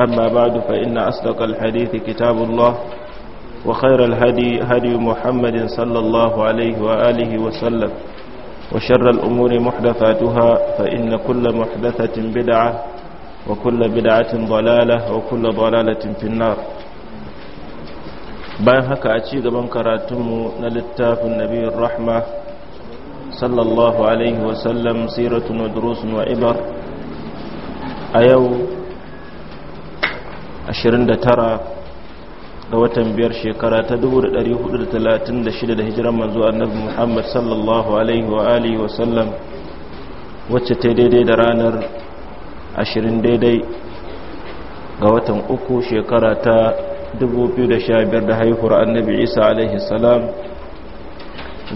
أما بعد فإن أصدق الحديث كتاب الله وخير الهدي هدي محمد صلى الله عليه وآله وسلم وشر الأمور محدثاتها فإن كل محدثة بدعة وكل بدعة ضلالة وكل ضلالة في النار bayan haka a ci gaban karatunmu na littafin nabiyar rahma sallallahu alaihi wasallam siratun wa durusun wa ibar a yau 29 da watan biyar shekara ta 436 da hijiran manzo annabi Muhammad sallallahu alaihi wa alihi wa sallam wacce ta daidai da ranar 20 daidai ga watan uku shekara ta 2015 da haihuwar annabi Isa alaihi salam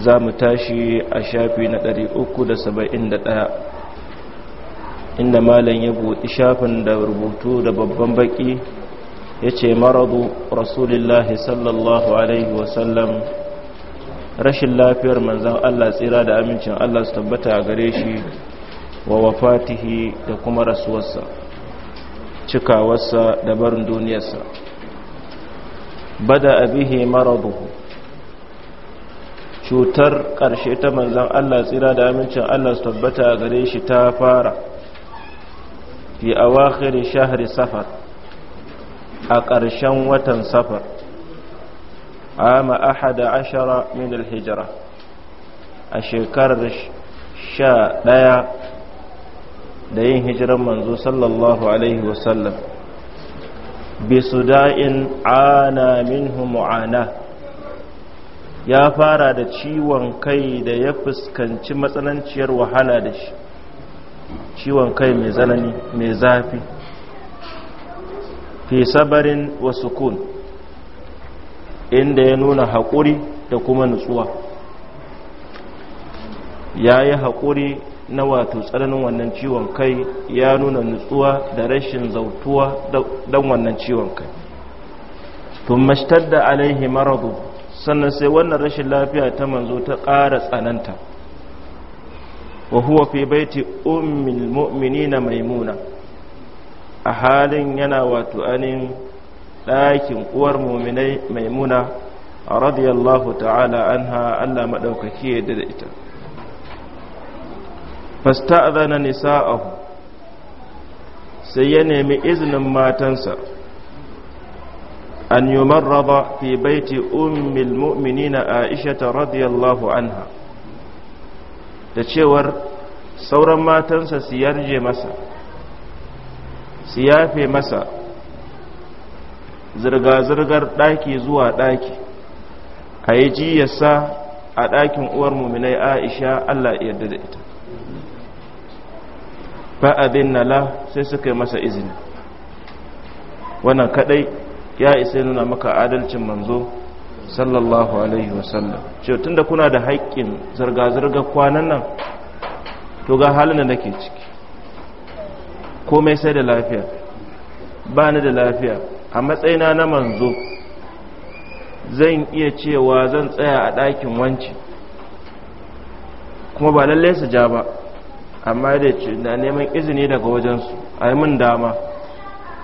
za mu tashi a shafi na 371 inda malam ya buɗi shafin da rubutu da babban baki ya ce maradu rasulillahi sallallahu alaihi wasallam rashin lafiyar manzan allah tsira da amincin allah su tabbata a gare shi wa wafatihi da kuma rasuwarsa cikawarsa da barin duniyarsa bada abihi maradu cutar ƙarshe ta manzan allah tsira da amincin allah su tabbata a gare shi ta fara fi awakhir shahri safar a ƙarshen watan safar ama ahada ashara min hijira a shekarar sha ɗaya da yin hijiran manzo sallallahu alaihi wasallam bi suda'in ana minhu mu'ana ya fara da ciwon kai da ya fuskanci matsananciyar wahala da shi ciwon kai mai tsanani mai zafi fi sabarin wa sukun inda ya nuna haƙuri da kuma nutsuwa ya yi haƙuri na wato tsananin wannan ciwon kai ya nuna nutsuwa da rashin zautuwa don wannan ciwon kai tun mashtar da alaihi maradu sannan sai wannan rashin lafiya ta manzo ta ƙara tsananta wa fi baiti ummil mu'minina maimuna a halin yana wato anin ɗakin uwar muminai maimuna radiyallahu ta'ala anha Allah madaukaki ya da ita fasta'adhana nisa'ahu sai ya nemi izinin matansa an yumarrada fi baiti ummil mu'minina Aisha radiyallahu anha da cewar sauran matansa su yarje masa su yafe masa zirga-zirgar ɗaki zuwa ɗaki a yi sa a ɗakin uwar muminai aisha allah yarda da ita fa'adin nala sai suka yi masa izini wannan kadai ya isa nuna maka adalcin manzo sallallahu alaihi wasallam ce da kuna da haƙƙin zirga-zirga kwanan nan to ga halin da nake ciki komai sai da lafiya ba ni da lafiya a matsayina na manzo zan iya cewa zan tsaya a ɗakin wanci kuma ba lallai su ja ba amma da ce na neman izini daga wajensu a yi min dama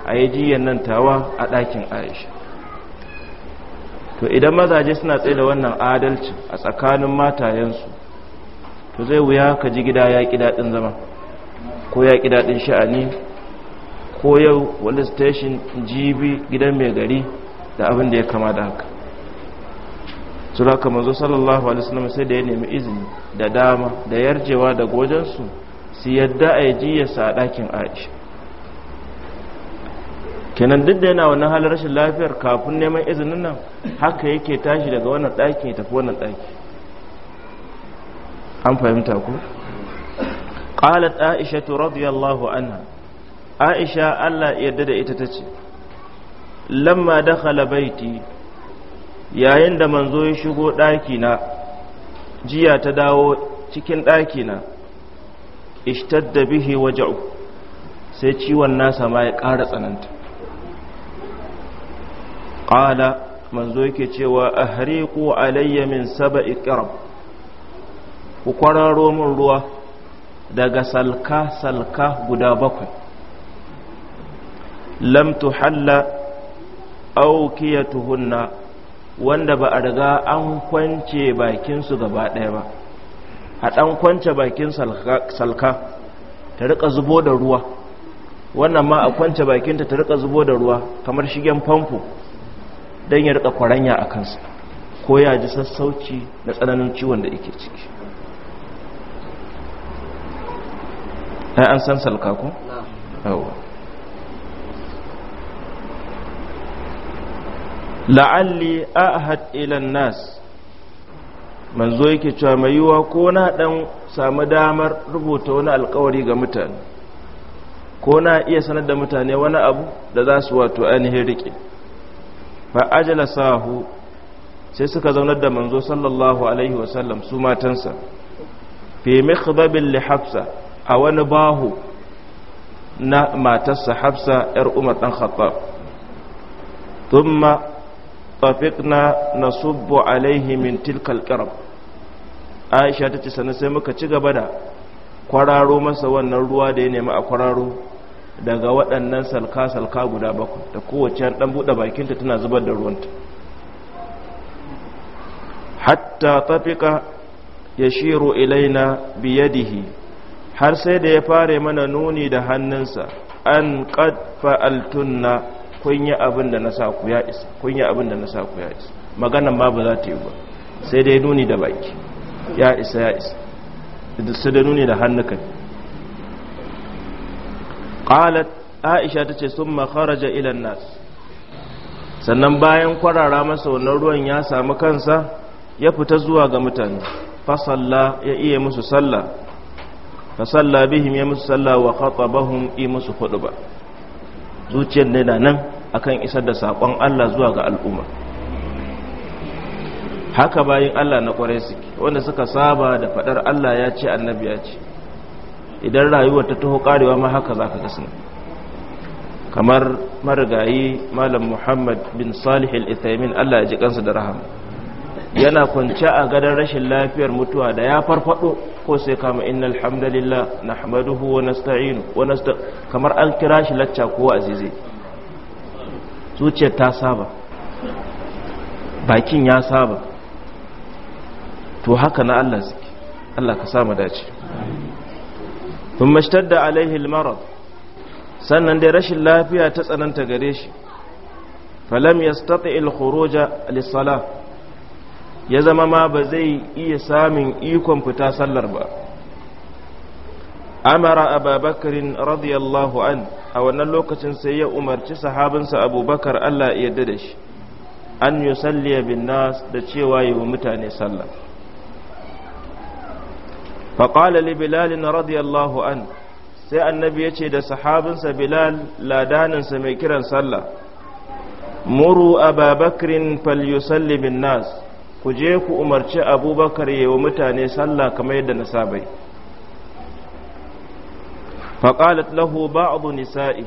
a yi jiyan nan tawa a ɗakin aisha to idan mazaje suna tsaye da wannan adalci a tsakanin matayensu to zai wuya ka ji gida ya ƙi daɗin zama ko ya ƙi daɗin sha'ani ko yau wani station jibi gidan mai gari da abin da ya kama da haka sura kamar manzo sallallahu alaihi wasallam sai da ya nemi izini da dama da yarjewa daga wajensu su yadda a yi sa a ɗakin aisha kenan duk da yana wannan halin rashin lafiyar kafin neman izinin nan haka yake tashi daga wannan ɗaki ya tafi wannan ɗaki an fahimta ku qalat aisha radiyallahu anha aisha Allah yarda da ita ce. lamma da baiti yayin da manzo ya shigo ɗaki na jiya ta dawo cikin ɗaki na ishtadda bihi waja'u sai ciwon nasa ma ya ƙara tsananta ƙala manzo yake cewa a alayya min saba qirab ku kwararo min ruwa daga salka salka guda bakwai lam aukiya aukiyatuhunna wanda ba a riga an kwance bakinsu gaba ɗaya ba a ɗan kwance bakin salka ta riƙa zubo da ruwa wannan ma a kwance bakinta ta riƙa zubo da ruwa kamar shigen famfo don ya rika kwaranya a kansa ko ya ji sassauci na tsananin ciwon da yake ciki ai an san salkaku. la'alli ahad ila nas manzo yake cewa mai yiwuwa ko na ɗan samu damar rubuta wani alkawari ga mutane ko na iya sanar da mutane wani abu da za su wato ainihin rike fa sahu sai suka zaunar da manzo sallallahu alaihi wasallam su matansa fi mikhdabin li a wani bahu na matarsa hafsa yar umar ɗan khattab thumma tafiqna nasubbu alaihi min tilkal qirab aisha ta ce sannan sai muka ci gaba da kwararo masa wannan ruwa da ya nemi a kwararo daga waɗannan salka-salka guda bakwai da kowace ɗan buɗe bakinta tana zubar da ruwanta hatta tafika ya shiro ilaina biyadihi har sai da ya fare mana nuni da hannunsa an ƙadfa altunna kunya abin da na sa ku ya isa kunya abin da na sa ku ya isa maganan ma ba za ta yi ba sai dai nuni da baki ya isa ya isa sai da nuni da hannukan qalat aisha tace summa kharaja ila nas sannan bayan kwarara masa wannan ruwan ya samu kansa ya fita zuwa ga mutane fa salla ya iya musu salla fa salla bihim ya musu salla wa khatabahum i musu khutba zuciyar ne da nan akan isar da sakon Allah zuwa ga al'umma haka bayin Allah na kwarai suke wanda suka saba da fadar Allah ya ce annabi ya ce idan rayuwar ta taho karewa ma haka za ka kasance kamar marigayi malam muhammad bin salih al-ithaimin allah ya ji kansa da rahama yana kwance a gadon rashin lafiyar mutuwa da ya farfado ko sai kama inna alhamdulillah nahmaduhu wa nasta'inu wa nasta kamar an kira shi lacca ko azizi zuciyar ta saba bakin ya saba to haka na allah suke allah ka sa mu dace sun mashtar da alaihil marad sannan dai rashin lafiya ta tsananta gare shi falam ya stata ilhuroja alisala ya zama ma ba zai iya samun ikon fita sallar ba amara ababakarin radiyallahu an a wannan lokacin sai ya umarci sahabinsa abubakar allah yadda yarda da shi an yusalliya bin nas da cewa yi wa mutane sallah Faƙalali li bilalin radiyallahu an sai annabi ya ce da sahabinsa bilal ladaninsa mai kiran sallah muru ababakrin falyusalli bin nas ku je ku umarci abubakar yi wa mutane sallah kamar yadda na sabai faƙalat lahu ba'adu nisa'i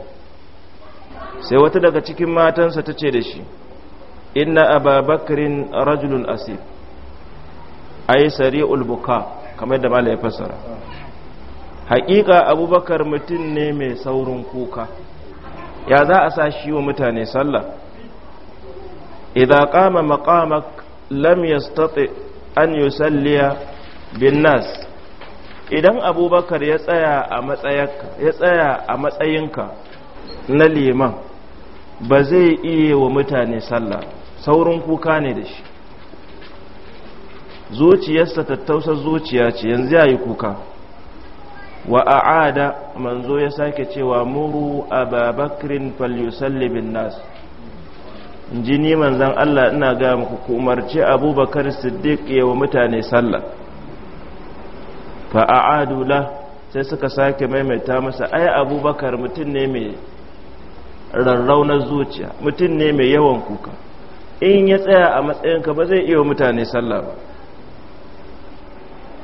sai wata daga cikin matansa ta ce da shi inna ababakrin rajulun asif ai sari'ul buka kamar da mala ya fassara haƙiƙa abubakar mutum ne mai saurin kuka ya za a sa shi wa mutane sallah idan kama makamak lam yastati an yusalliya bin nas idan abubakar ya tsaya a matsayinka na liman ba zai iya wa mutane sallah saurin kuka ne da shi zuciyarsa tattausar zuciya ce yanzu ya yi kuka wa a a'ada manzo ya sake cewa muru ababakrin falyusalli bin nas jini manzan Allah ina ga muku ku umarci abubakar siddiq wa mutane sallah fa a la sai suka sake maimaita masa ai abubakar mutum ne mai rarraunar zuciya mutum ne mai yawan kuka in ya tsaya a matsayinka ba zai iya mutane sallah ba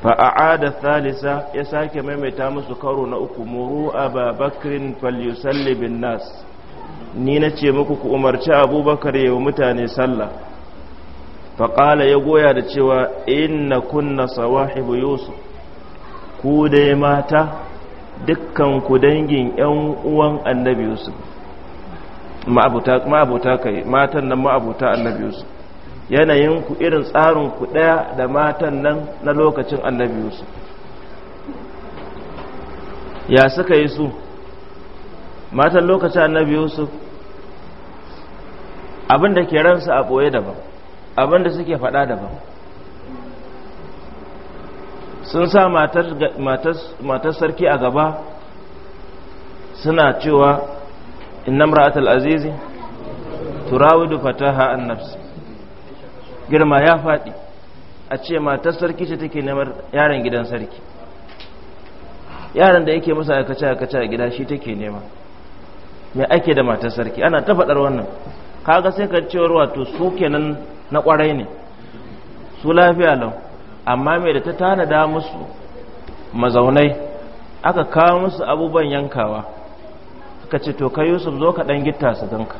fa'a'ada Salisa ya sake maimaita musu karo na uku muru babakirin falyusalli bin nas ni na ce muku ku umarci abubakar yau mutane sallah faƙala ya goya da cewa na kunna sawahibu yusuf ku dai mata dukkan ku dangin yan uwan annabi yusuf ma'abuta kai matan nan ma'abuta annabi yusuf yanayinku irin tsarinku ɗaya da matan nan na lokacin annabi yusuf ya suka yi su matan lokacin annabi yusuf abinda ke ransa a ɓoye daban abinda suke faɗa daban sun sa matar sarki a gaba suna cewa innamra'atul azizi turawidu fataha an nafsi girma ya faɗi a ce matar sarki ce take neman yaron gidan sarki yaron da yake masa akace-kace a gida shi take nema mai ake da matar sarki ana ta faɗar wannan kaga sai ka cewar wato su kenan na kwarai ne su lafiya lau amma mai da ta tanada musu mazaunai aka kawo musu abubuwan yankawa aka ce to kai yusuf zo ka ɗan gitta su ganka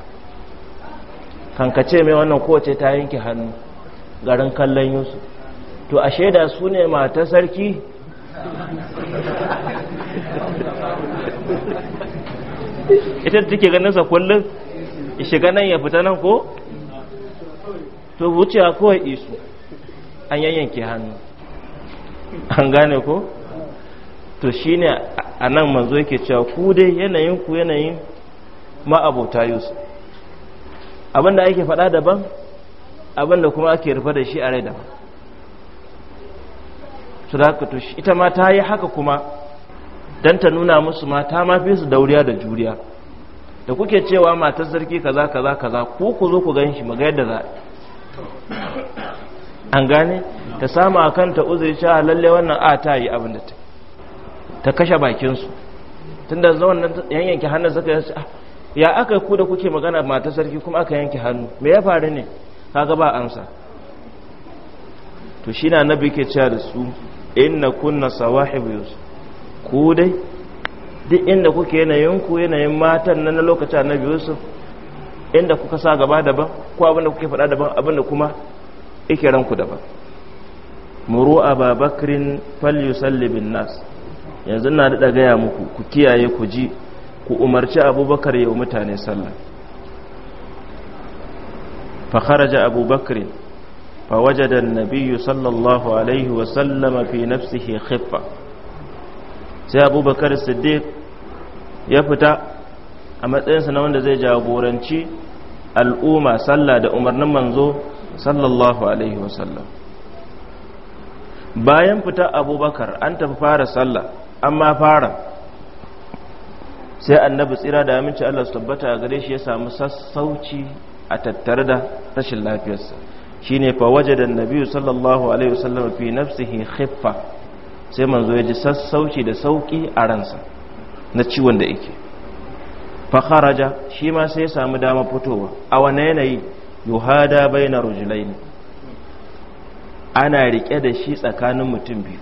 kace mai wannan kowace ta yanke hannu garin kallon yusuf to a shaida su ne mata sarki ita take sa kullum shiga nan ya fita nan ko to wucewa kawai isu an yayyanke hannu an gane ko to shi ne a nan manzo yake cewa ku dai yanayin ku yanayin ma'abota yusuf abinda ake faɗa daban abinda kuma ake rufe da shi a rai da su da haka tushi ita ma ta yi haka kuma don ta nuna musu ma ta mafi su dauriya da juriya da kuke cewa matar sarki kaza kaza kaza ku ku zo ku gan shi maga yadda za an gane ta samu a kanta uzuri cewa lalle wannan a ta yi abin da ta ta kashe bakinsu tun da zaun nan yanyanke hannun suka yi ah, ya aka ku da kuke magana matar sarki kuma aka yanke hannu me ya faru ne kaga ba amsa to shi na nabi ke cewa da su inna kunna sawahib yusuf ku dai duk inda kuke yanayin ku yanayin matan nan na lokacin annabi yusuf inda kuka sa gaba daban ko abinda kuke faɗa daban abinda kuma yake ranku daban muru ababakrin falyusalli bin nas yanzu na daɗa gaya muku ku kiyaye ku ji ku umarci abubakar yau mutane sallah فخرج أبو بكر فوجد النبي صلى الله عليه وسلم في نفسه خفة sai abubakar siddiq ya fita a matsayinsa na wanda zai jagoranci al'umma sallah da umarnin manzo sallallahu alaihi wasallam bayan fita abubakar an tafi fara sallah amma fara sai annabi tsira da aminci allah su tabbata a gare shi ya samu sassauci a tattare da rashin lafiyarsa shi ne fa da Nabiyu sallallahu alaihi wasallam fi nafsihi khiffa sai manzo ya ji sassauci da sauki a ransa na ciwon da yake fa kharaja shi ma sai ya samu dama fitowa a wani yanayi yuhada baina rujulaini ana rike da shi tsakanin mutum biyu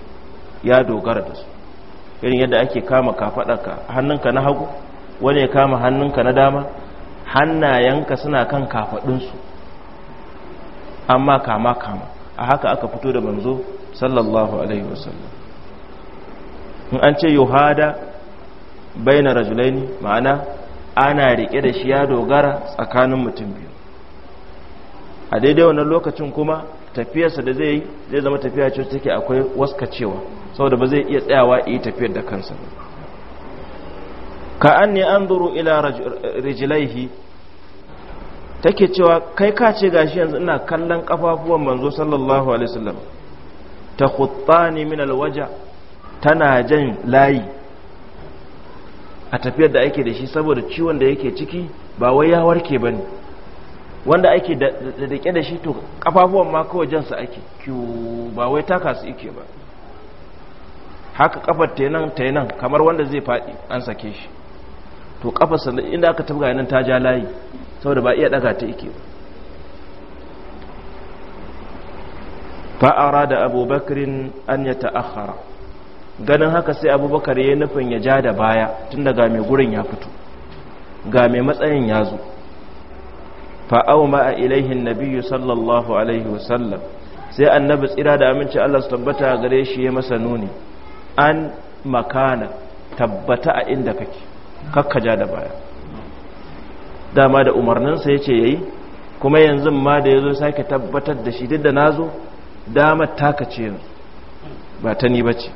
ya dogara da su irin yadda ake kama kafadarka hannunka na hagu wani ya kama hannunka na dama hannayenka suna kan kafadunsu amma kama kama a haka aka fito da manzo sallallahu alaihi wasallam in an ce yuhada baina rajulaini ma'ana ana rike da shi ya dogara tsakanin mutum biyu a daidai wannan lokacin kuma tafiyarsa da zai zai zama tafiya ce take akwai waskacewa saboda ba zai iya tsayawa yi tafiyar da kansa ka an ne an ila rajulaihi. take cewa kai ka ce gashi yanzu ina kallon kafafuwan manzo sallallahu alaihi wasallam ta khuttani min alwaja tana jan layi a tafiyar da ake da shi saboda ciwon da yake ciki ba wai ya warke bane wanda ake da dake da shi to kafafuwan ma kawai jan su ake kiwo ba wai taka su ike ba haka kafar ta nan ta nan kamar wanda zai faɗi an sake shi to kafarsa inda aka tabga nan ta ja layi saboda ba iya daga ta ike fa'ara da abubakarin an ya ta'akhara ganin haka sai abubakar ya nufin ya ja da baya tun daga mai gurin ya fito ga mai matsayin ya zo fa'au ma'a ilaihin nabiyu sallallahu alaihi wasallam sai annabi tsira da aminci Allah su tabbata gare shi ya masa nuni an makana tabbata a inda kake ja da baya dama da umarninsa ya ce yayi kuma yanzu ma da ya zo sake tabbatar da shi duk da na zo damar taka ce ba ta ni ba ce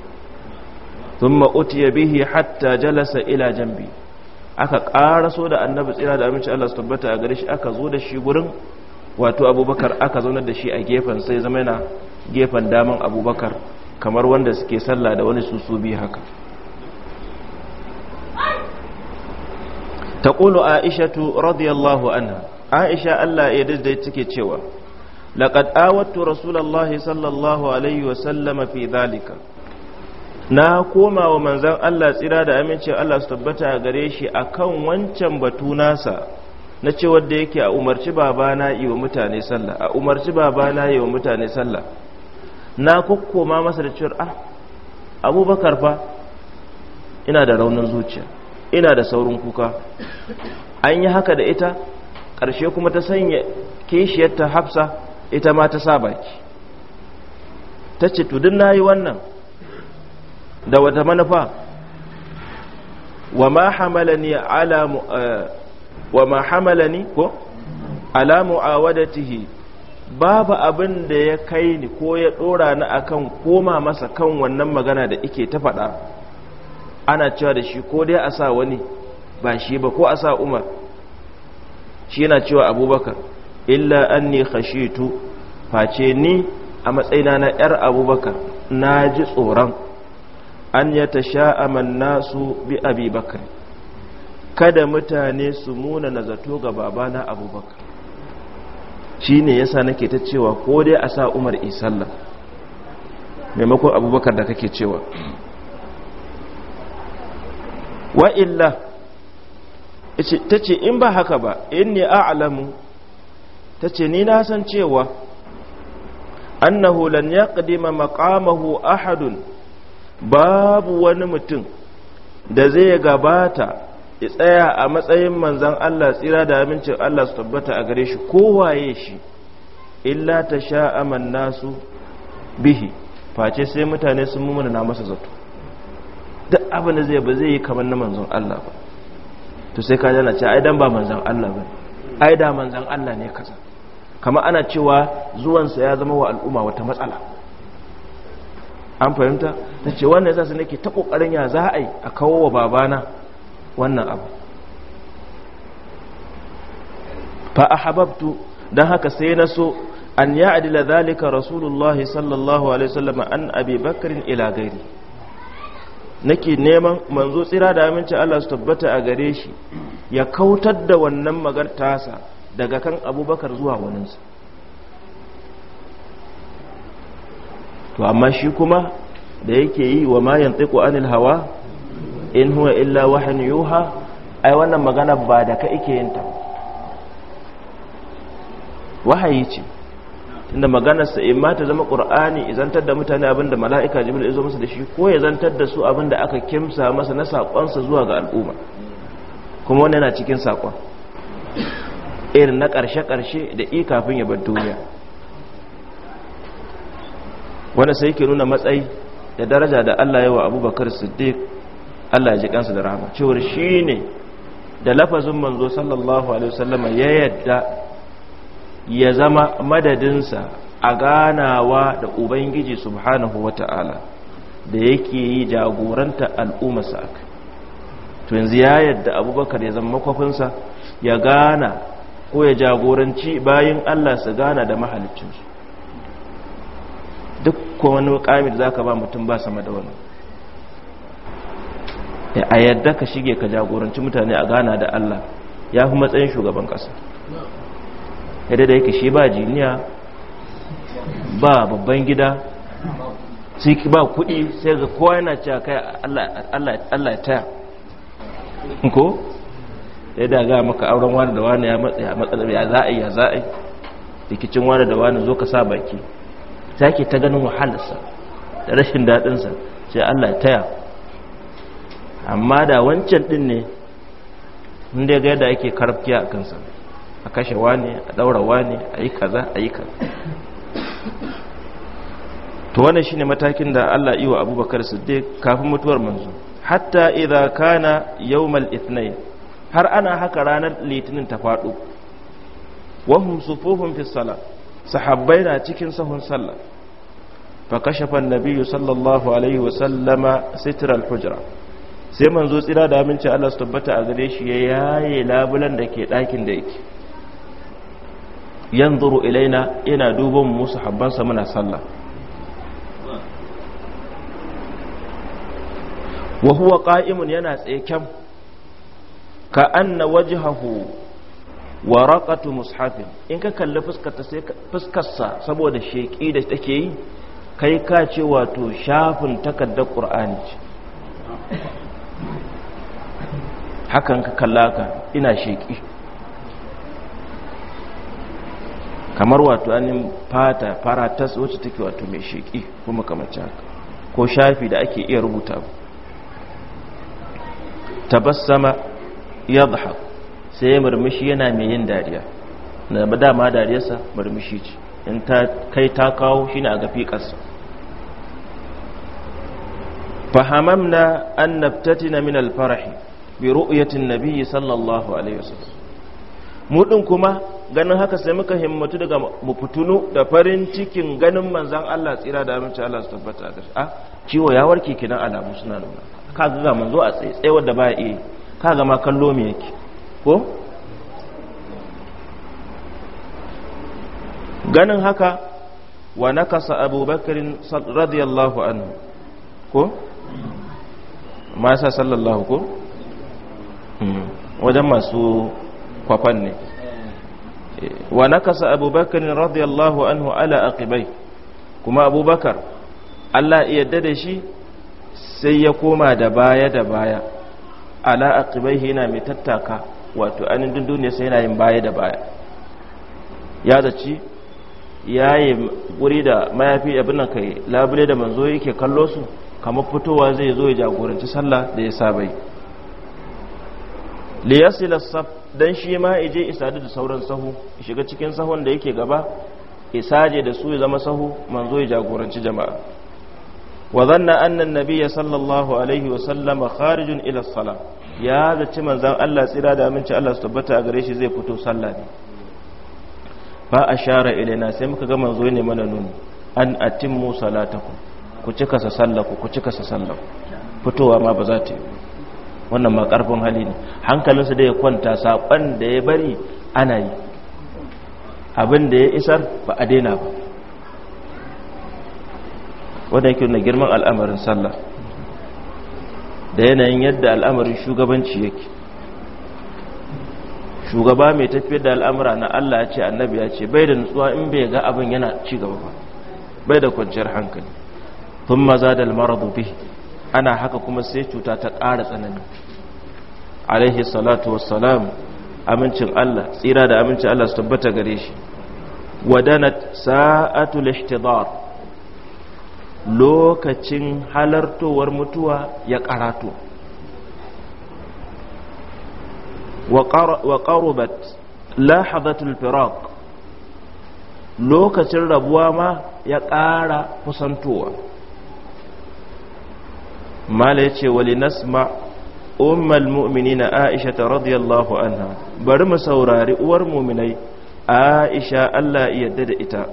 sun ya bihi hatta jalasa ila jambi aka karaso da annabi tsira da aminci Allah su tabbata a gare shi aka zo da shi gurin wato abubakar aka zaunar da shi a gefen sai zama yana gefen daman abubakar kamar wanda suke sallah da wani susu bi haka taqulu aishatu radiyallahu anha aisha Allah ya dade take cewa laqad awattu rasulullahi sallallahu alaihi wa sallama fi dhalika na koma wa manzan Allah tsira da amince Allah su tabbata a gare shi akan wancan batu nasa na ce wanda yake a umarci babana yi wa mutane sallah a umarci babana yi wa mutane sallah na kokkoma masa da cewar ah abubakar fa ina da raunin zuciya ina da saurin kuka an yi haka da ita ƙarshe kuma ta sanya kishiyarta hafsa ita ma ta sa baki ta ce tudun na yi wannan da wata manufa wa ma ni alamu eh, wa ma ni ko alamu a wadatihi babu abin da ya kai ni ko ya ɗora ni akan koma masa kan wannan magana da ike ta faɗa ana cewa da shi ko dai a sa wani ba shi ba ko a sa umar shi yana cewa abubakar illa an anni tu face ni a matsayina na yar abubakar na ji tsoron an ya ta sha'aman nasu bi abubakar kada mutane su muna na zato ga babana abubakar shi ne yasa nake ta cewa ko dai a sa umar isalla maimakon abubakar da kake cewa wa illa ta ce in ba haka ba in ne alamu ta ce ni na san cewa annahu lan ya ƙadima maƙamahu ahadun babu wani mutum da zai gabata ya tsaya a matsayin manzan Allah tsira da amincin Allah su tabbata a gare shi kowaye shi illa ta sha'aman nasu bihi face sai mutane sun mumuna masa zato duk abin da zai ba zai yi kamar na manzon Allah ba to sai ka jana ce aidan ba manzon Allah ba aida manzan Allah ne kaza kama ana cewa zuwansa ya zama wa al'umma wata matsala an fahimta ta ce wannan yasa sai nake ta kokarin ya za a yi a kawo wa babana wannan abu fa hababtu dan haka sai na so an adila zalika rasulullahi sallallahu alaihi wasallam an abi bakrin ila gairi nake neman manzo tsira da aminci Allah su tabbata a gare shi ya kautar da wannan magartasa daga kan abubakar zuwa waninsa to amma shi kuma da yake yi wa mayan tsiko anil hawa in huwa illa wahin yuha ai wannan magana ba da ka ike ta. wahayi ce tunda maganarsa in ma ta zama qur'ani izantar da mutane abinda mala'ika jibril zo masa da shi ko ya zantar da su abinda aka kimsa masa na sakonsa zuwa ga al'umma kuma wannan yana cikin sakon irin na karshe karshe da i kafin ya bar duniya wanda sai yake nuna matsayi da daraja da Allah ya wa Abubakar Siddiq Allah ya ji kansa da rahama cewa shine da lafazin manzo sallallahu alaihi wasallam ya yadda ya zama madadinsa a ganawa da ubangiji subhanahu ta'ala da yake yi jagoranta al'ummarsa aka to yanzu ya yadda abubakar ya zama makwafinsa ya gana ko ya jagoranci bayan allah su gana da mahalicinsu duk kuma wani mukami za ka ba mutum ba sama da wani a yadda ka shige ka jagoranci mutane a gana da allah ya fi matsayin shugaban ƙasa yadda da yake shi ba jiniya ba babban gida sai ba kuɗi sai ga kowa yana cewa kai Allah ta ko sai da ga maka auren wani da wani ya matsaya matsalar ya za'a ya za'a rikicin wani da wani zo ka sa baki ta ke ta ganin wahalarsa da rashin daɗinsa sai Allah taya amma da wancan ɗin ne inda ga yadda ake karfiya a kansa kashe wane a daura wane a yi kaza a yi kaza to wannan shine matakin da Allah yi wa Abubakar Siddiq kafin mutuwar manzo hatta idza kana yawmal ithnain har ana haka ranar litinin ta faɗo wahum sufufun fi salat sahabbai na cikin sahun sallah fa kashafa annabiyyu sallallahu alaihi wa sallama sitral hujra sai manzo tsira da aminci Allah su tabbata a gare shi ya yaye labulan da ke ɗakin da yake yanzuru ilaina yana duban musu habbansa muna sallah wa huwa qa'imun yana tsaken ka anna wajhahu waraqatu mushafin in ka kalli fuskarta sai fuskarsa saboda sheki da take yi kai ka ce wato shafin takardar qur'ani ce hakan ka kallaka ina sheki kamar wato anin fata fara tas wacce take wato mai sheki kuma kamar haka ko shafi da ake iya rubuta tabassama yadhhak sai ya murmushi yana mai yin dariya na dama dariyarsa murmushi ce in ta kai ta kawo shine a gafi ƙasa fahamamna an naftatina min alfarahi bi ru'yatin nabiyyi sallallahu alaihi wasallam mu din kuma ganin haka sai muka himmatu daga mufutunu da farin cikin ganin manzan Allah tsira da aminci Allah su tabbata da a ah, ciwo ya warke kinan alamu suna nuna ka ga manzo a tsaye tsaye wanda ba iya Ka ma kallo me yake ko ganin haka wa nakasa abubakar radiyallahu anhu ko ma yasa sallallahu ko hmm, wajen masu kwafan ne wa nakasa abubakar radiyallahu anhu ala aqibai kuma abubakar Allah iya da shi sai ya koma da baya da baya ala aqibai yana mai tattaka wato anin duniya sai yana yin baya da baya ya zaci ya yi wuri da mayafi abin nan kai labule da manzo yake kallo su kamar fitowa zai zo ya jagoranci sallah da ya sabai yi liyasila saf dan shi ma ije isadu da sauran sahu shiga cikin sahun da yake gaba isaje da su ya zama sahu manzo ya jagoranci jama'a wa zanna anna an-nabiyya sallallahu alaihi wa sallam kharijun ila as ya zaci manzan Allah tsira da aminci Allah su tabbata a gare shi zai fito sallah ne fa ashara ilaina sai muka ga manzo ne mana nuni an atimmu salatakum ku cika sa sallaku ku cika sa sallaku fitowa ma ba za ta yi wannan ma karfin hali ne hankalinsa da ya kwanta saban da ya bari ana yi abin da ya isar ba a daina ba wanda yake na girman al'amarin sallah da yanayin yadda al'amarin shugabanci yake shugaba mai tafiyar da al'amura na Allah ya ce annabi ya ce bai da nutsuwa in bai ga abin yana cigaba ba bai da kwanciyar hankali tun maza da almaradu bihi ana haka kuma sai cuta ta ƙara tsanani alaihi salatu wassalam amincin Allah tsira da amincin Allah su tabbata gare shi wadanat sa'atul ihtidar lokacin halartowar mutuwa ya karatu wa qarubat lahazatul firaq lokacin rabuwa ma ya ƙara kusantowa mala ya ce wali nasma ummal mu'minina aisha ta radiyallahu anha bari mu saurari uwar muminai aisha Allah iya yarda da ita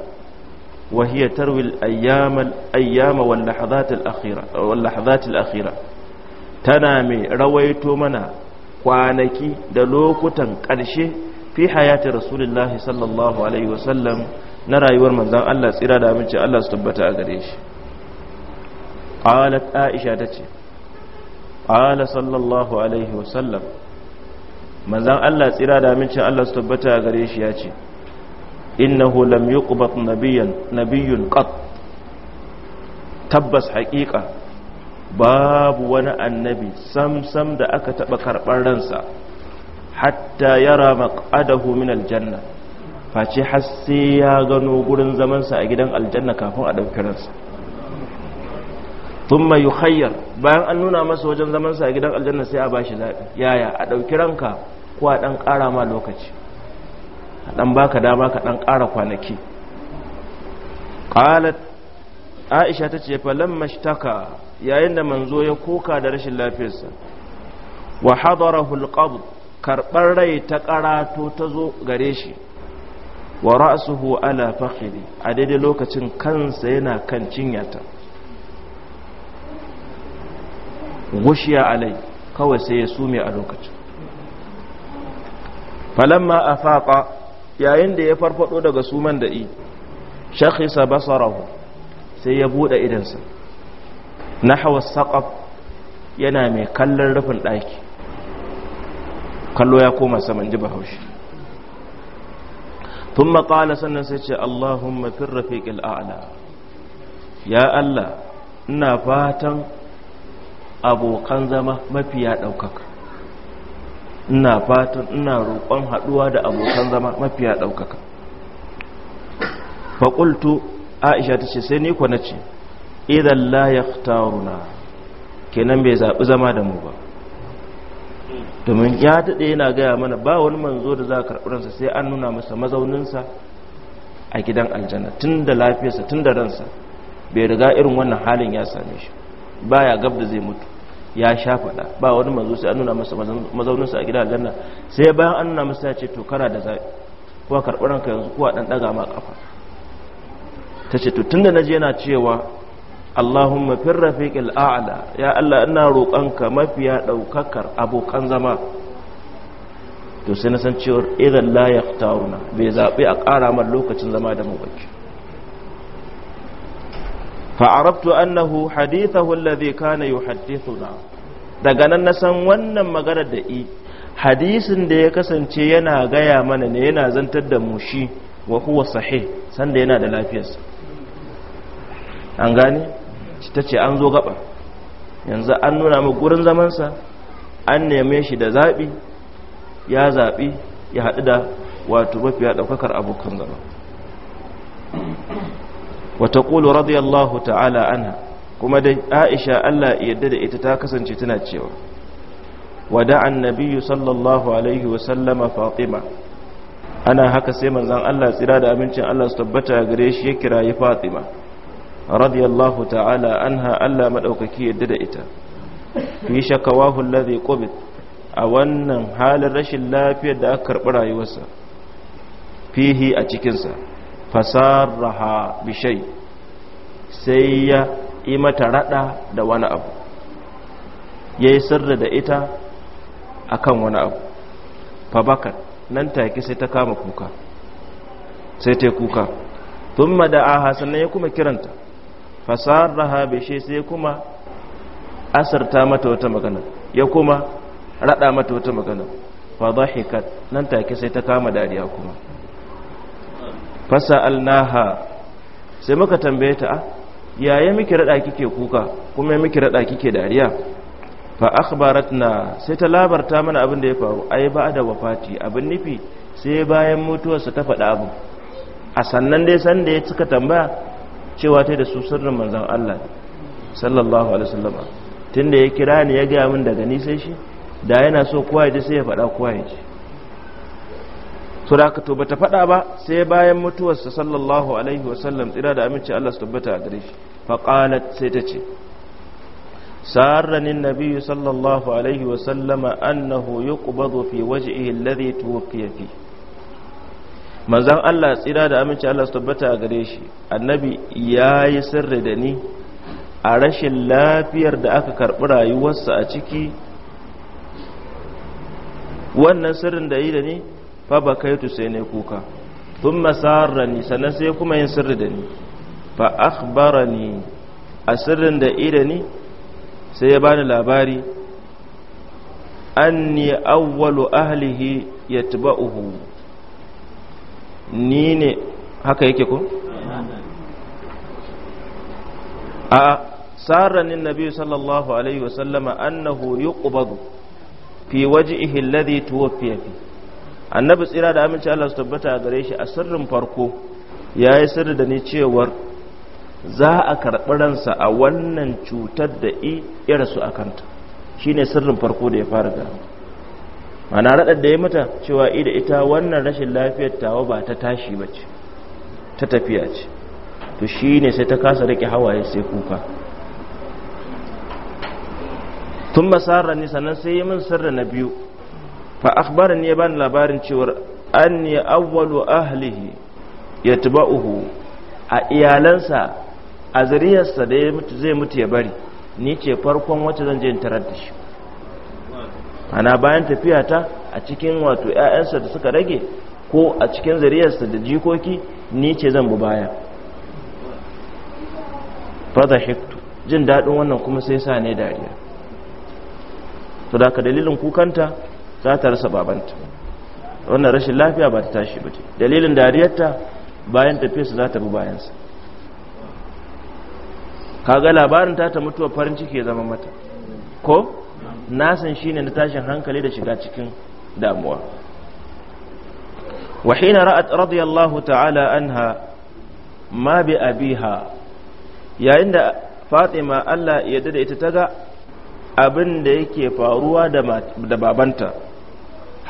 wa tarwil ayyama wal akhira tana mai rawaito mana kwanaki da lokutan ƙarshe fi hayati rasulullahi sallallahu alaihi wasallam na rayuwar manzan Allah tsira da amince Allah su tabbata a gare shi qalat aisha tace qala sallallahu alaihi wasallam manzon Allah tsira da amincin Allah su tabbata gare shi ya ce innahu lam yuqbat nabiyyan nabiyyun qat tabbas haƙiƙa babu wani annabi sam sam da aka taɓa karɓar ransa hatta yara maqadahu min aljanna face har sai ya gano wurin zamansa a gidan aljanna kafin a ɗauki ransa mai yukhayyar bayan an nuna masa wajen zaman sa a gidan aljanna sai a ba shi zabi yaya a ɗauki ranka ko a ɗan ƙara ma lokaci a ba baka dama ka ɗan ƙara kwanaki ƙalat aisha tace ce falon mashtaka yayin da manzo ya koka da rashin lafiyarsa wa hadara hulƙabu karɓar rai ta karato ta zo gare shi wa ra'asuhu ala fakhri a daidai lokacin kansa yana kan cinyata gushiya alai kawai sai ya sume a lokacin falamma faƙa yayin da ya farfado daga suman da i basarahu sai ya buɗe idansa nahwa saqaf yana mai kallon rufin ɗaki, kallo ya koma saman ji bahaushe Tun maƙala sannan sai ce allahumma fir rafiqil a'la ya allah ina fatan abokan zama mafiya ɗaukaka ina fatan ina roƙon haɗuwa da abokan zama mafiya ɗaukaka faƙultu aisha ta ce sai ni ku na ce idan la ya kenan bai zaɓi zama da mu ba domin ya daɗe yana gaya mana ba wani manzo da za a karɓuransa sai an nuna masa mazauninsa a gidan aljanna tun da lafiyarsa tun da ransa bai riga irin wannan halin ya same shi baya gab da zai mutu ya sha faɗa ba wani manzo sai an nuna masa mazauninsa a gidan aljanna sai bayan an nuna masa ya ce to kana da zaɓi kuwa karɓar ranka yanzu kuwa ɗan ɗaga ma ƙafa ta ce to tunda na je yana cewa allahumma fir rafiqil a'la ya allah ina ka mafiya ɗaukakar abokan zama to sai na san cewa idan la yaqtauna bai zaɓi a ƙara mar lokacin zama da mu bakin فعرفت أنه حديثه الذي haditha na daga nan na san wannan maganar da i hadisin da ya kasance yana gaya mana ne yana zantar da mu shi wa huwa sanda yana da lafiyarsa an gane ta ce an zo gaba yanzu an nuna mu gurin zamansa an neme shi da zaɓi ya zaɓi ya haɗu da wato mafiya ɗaukakar abokan zama wata taqulu radiyallahu ta'ala anha kuma da Aisha Allah yadda yarda da ita ta kasance tana cewa wada'a annabiyyu sallallahu alaihi wa sallama Fatima ana haka sai manzon Allah tsira da abincin Allah su tabbata gare shi ya yi Fatima radiyallahu ta'ala anha Allah maɗaukaki yarda da ita fi shakawahu alladhi qubit a wannan halin rashin lafiyar da aka karɓi rayuwarsa fihi a cikinsa fasarraha bishai sai ya yi mata rada da wani abu ya yi sirri da ita akan wani abu fabakar nan take sai ta kama kuka sai ta kuka tun mada'aha sannan ya kuma kiranta fasarraha bishai sai kuma asarta mata wata magana ya kuma rada mata wata magana fadahikat nan take sai ta kama dariya kuma fasa'alnaha sai muka tambaye ta yaya miki rada kike kuka kuma miki rada kike dariya fa akhbaratna sai ta labarta mana abin da ya faru ai ba da wafati abin nufi sai bayan mutuwarsa ta faɗa abu a sannan dai san da ya cika tambaya cewa ta da su sirrin manzon Allah sallallahu alaihi wasallam tunda ya kira ni ya ga min daga ni sai shi da yana so kowa ya ji sai ya faɗa kowa ya ji to da to bata faɗa ba sai bayan mutuwarsa sallallahu alaihi wasallam tsira da aminci Allah su tabbata a gare shi faƙalat sai ta ce sa'arranin nabiyyu sallallahu alaihi wasallama annahu yuqbadu fi wajhihi alladhi tuwfiya fi manzan Allah tsira da aminci Allah su tabbata a gare shi annabi yayi sirri da ni a rashin lafiyar da aka karɓi rayuwarsa a ciki wannan sirrin da yi da ni fa ba bakaitu sai ne kuka Tun sarrani sannan sai kuma yin sirri da ni fa akhbarani a sirrin da ida ni sai ya bani labari An anni awwalu ahlihi uhu. ni ne haka yake ko a sarrani nabi sallallahu alaihi wasallama annahu yi yuqbadu fi waje wajhihi alladhi fiye fihi annabi tsira da aminci Allah su tabbata a gare shi a sirrin farko ya yi sirri da ni cewar za a karɓi ransa a wannan cutar da i rasu a kanta shi ne sirrin farko da ya fara ga mana raɗar da ya mata cewa i da ita wannan rashin lafiyar tawa ba ta tashi ba ce ta tafiya ce to shi ne sai ta kasa riƙe hawaye sai kuka tun masarar ni sannan sai yi min sirri na biyu fa akhbarani ya bani labarin cewar anni awwalu ahlihi yatba'uhu a iyalansa a zariyarsa da zai mutu ya bari ni ce farkon wacce zan je in tarar da shi ana bayan tafiya ta a cikin wato 'ya'yansa da suka rage ko a cikin zariyarsa da jikoki ni ce zan bu baya fadhahiktu jin dadin wannan kuma sai sa ne dariya to da ka dalilin kukanta za ta rasa babanta wannan rashin lafiya ba ta tashi ba ce dalilin dariyarta bayan tafiyarsa za ta bi bayansa kaga labarin ta ta mutuwa farin ciki ya zama mata ko nasan shine na tashin hankali da shiga cikin damuwa وحين رأت رضي الله تعالى عنها ما بأبيها يا عند فاطمة ألا يدد إتتغى abin da yake faruwa da babanta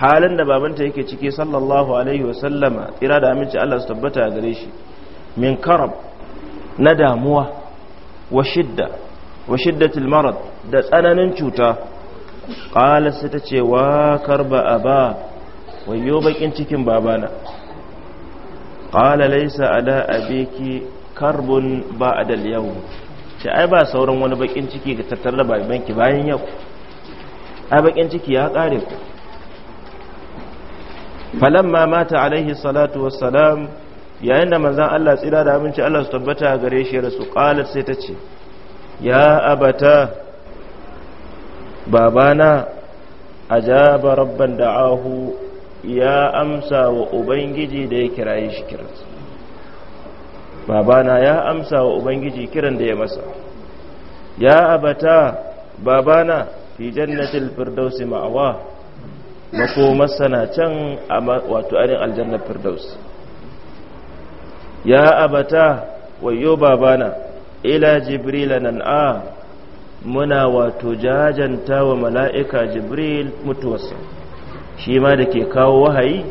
halin da babanta yake ciki sallallahu alaihi wasallama tsira da aminci Allah su tabbata gare shi min karab na damuwa wa shidda wa shiddatil marad da tsananin cuta qala sai ta ce wa karba aba wayo bakin cikin babana qala laysa ala abiki karbun ba'da al-yawm ce ai ba sauran wani bakin ciki ga tattare da babanki bayan yau ai bakin ciki ya kare ku falamma mata alaihi salatu wassalam yayin da manzan Allah tsira da aminci Allah su tabbata gare shi rasu qalat sai ta ce ya abata babana ajaba rabban da'ahu ya amsa wa ubangiji da ya kiraye shi kiransa babana ya amsa wa ubangiji kiran da ya masa ya abata babana fi jannatil firdausi ma'awa makomarsa na can wato arin Aljanna firdaus ya abata wayo babana ila jibrila nan a muna wato jajanta wa mala'ika jibril mutuwarsa shi ma da ke kawo wahayi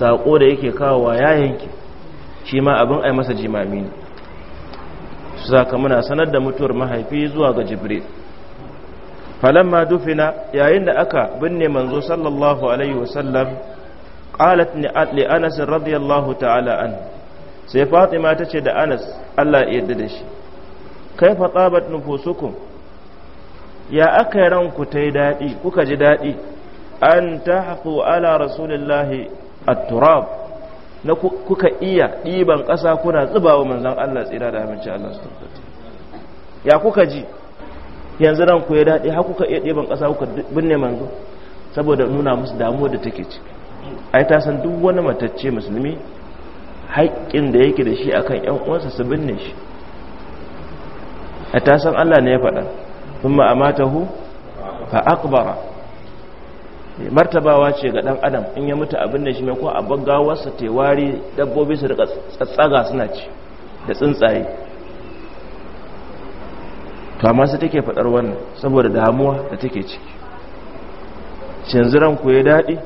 saƙo da yake kawo wa yayanki shi ma abin ai masa jimami ne su saka muna sanar da mutuwar mahaifi zuwa ga jibril falamma dufina yayin da aka binne manzo sallallahu alaihi wasallam qalat li anas radiyallahu ta'ala an sai fatima ta ce da anas Allah ya yarda da shi kai fa tabat nufusukum ya aka ranku tai dadi kuka ji dadi an tahfu ala rasulillahi at-turab na kuka iya ɗiban ƙasa kuna zubawa manzon Allah tsira da aminci Allah su tabbata ya kuka ji yanzu ran ku ya dade har kuka iya ɗeban kasa kuka binne manzo saboda nuna musu damuwa da take ci ai ta san duk wani matacce musulmi haƙƙin da yake da shi akan ƴan uwansa su binne shi ai ta san Allah ne ya faɗa kuma amatahu fa akbara martabawa ce ga dan adam in ya mutu a binne shi mai ko a bagawarsa tewari dabbobi su rika tsatsaga suna ci da tsuntsaye amma su take faɗar wannan saboda damuwa da take ciki shinziran ku ya daɗi